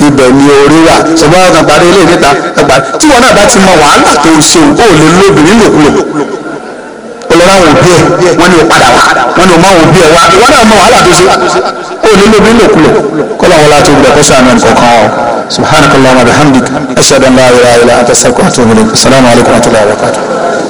ibẹ̀ ni orí wà ṣùgbọ́n ọkàn parí ilé níta tí wọn náà bá ti mọ wàhálà tó ń ṣe òun ó lè lóbìnrin lòkulò máwọn òbí ẹ̀ wọ́n ní o padà wá wọ́n ní o máwọn òbí ẹ̀ wá ìwọ náà mọ wàhálà tó ṣe kó o nílò bí lòkulò kọ́lá wọn láti wúlò kó sàmì kọ̀ọ̀kan ọ subhanakallahumma wa bihamdik ashhadu an la ilaha illa anta astaghfiruka wa atubu ilayk assalamu alaykum wa rahmatullahi wa barakatuh.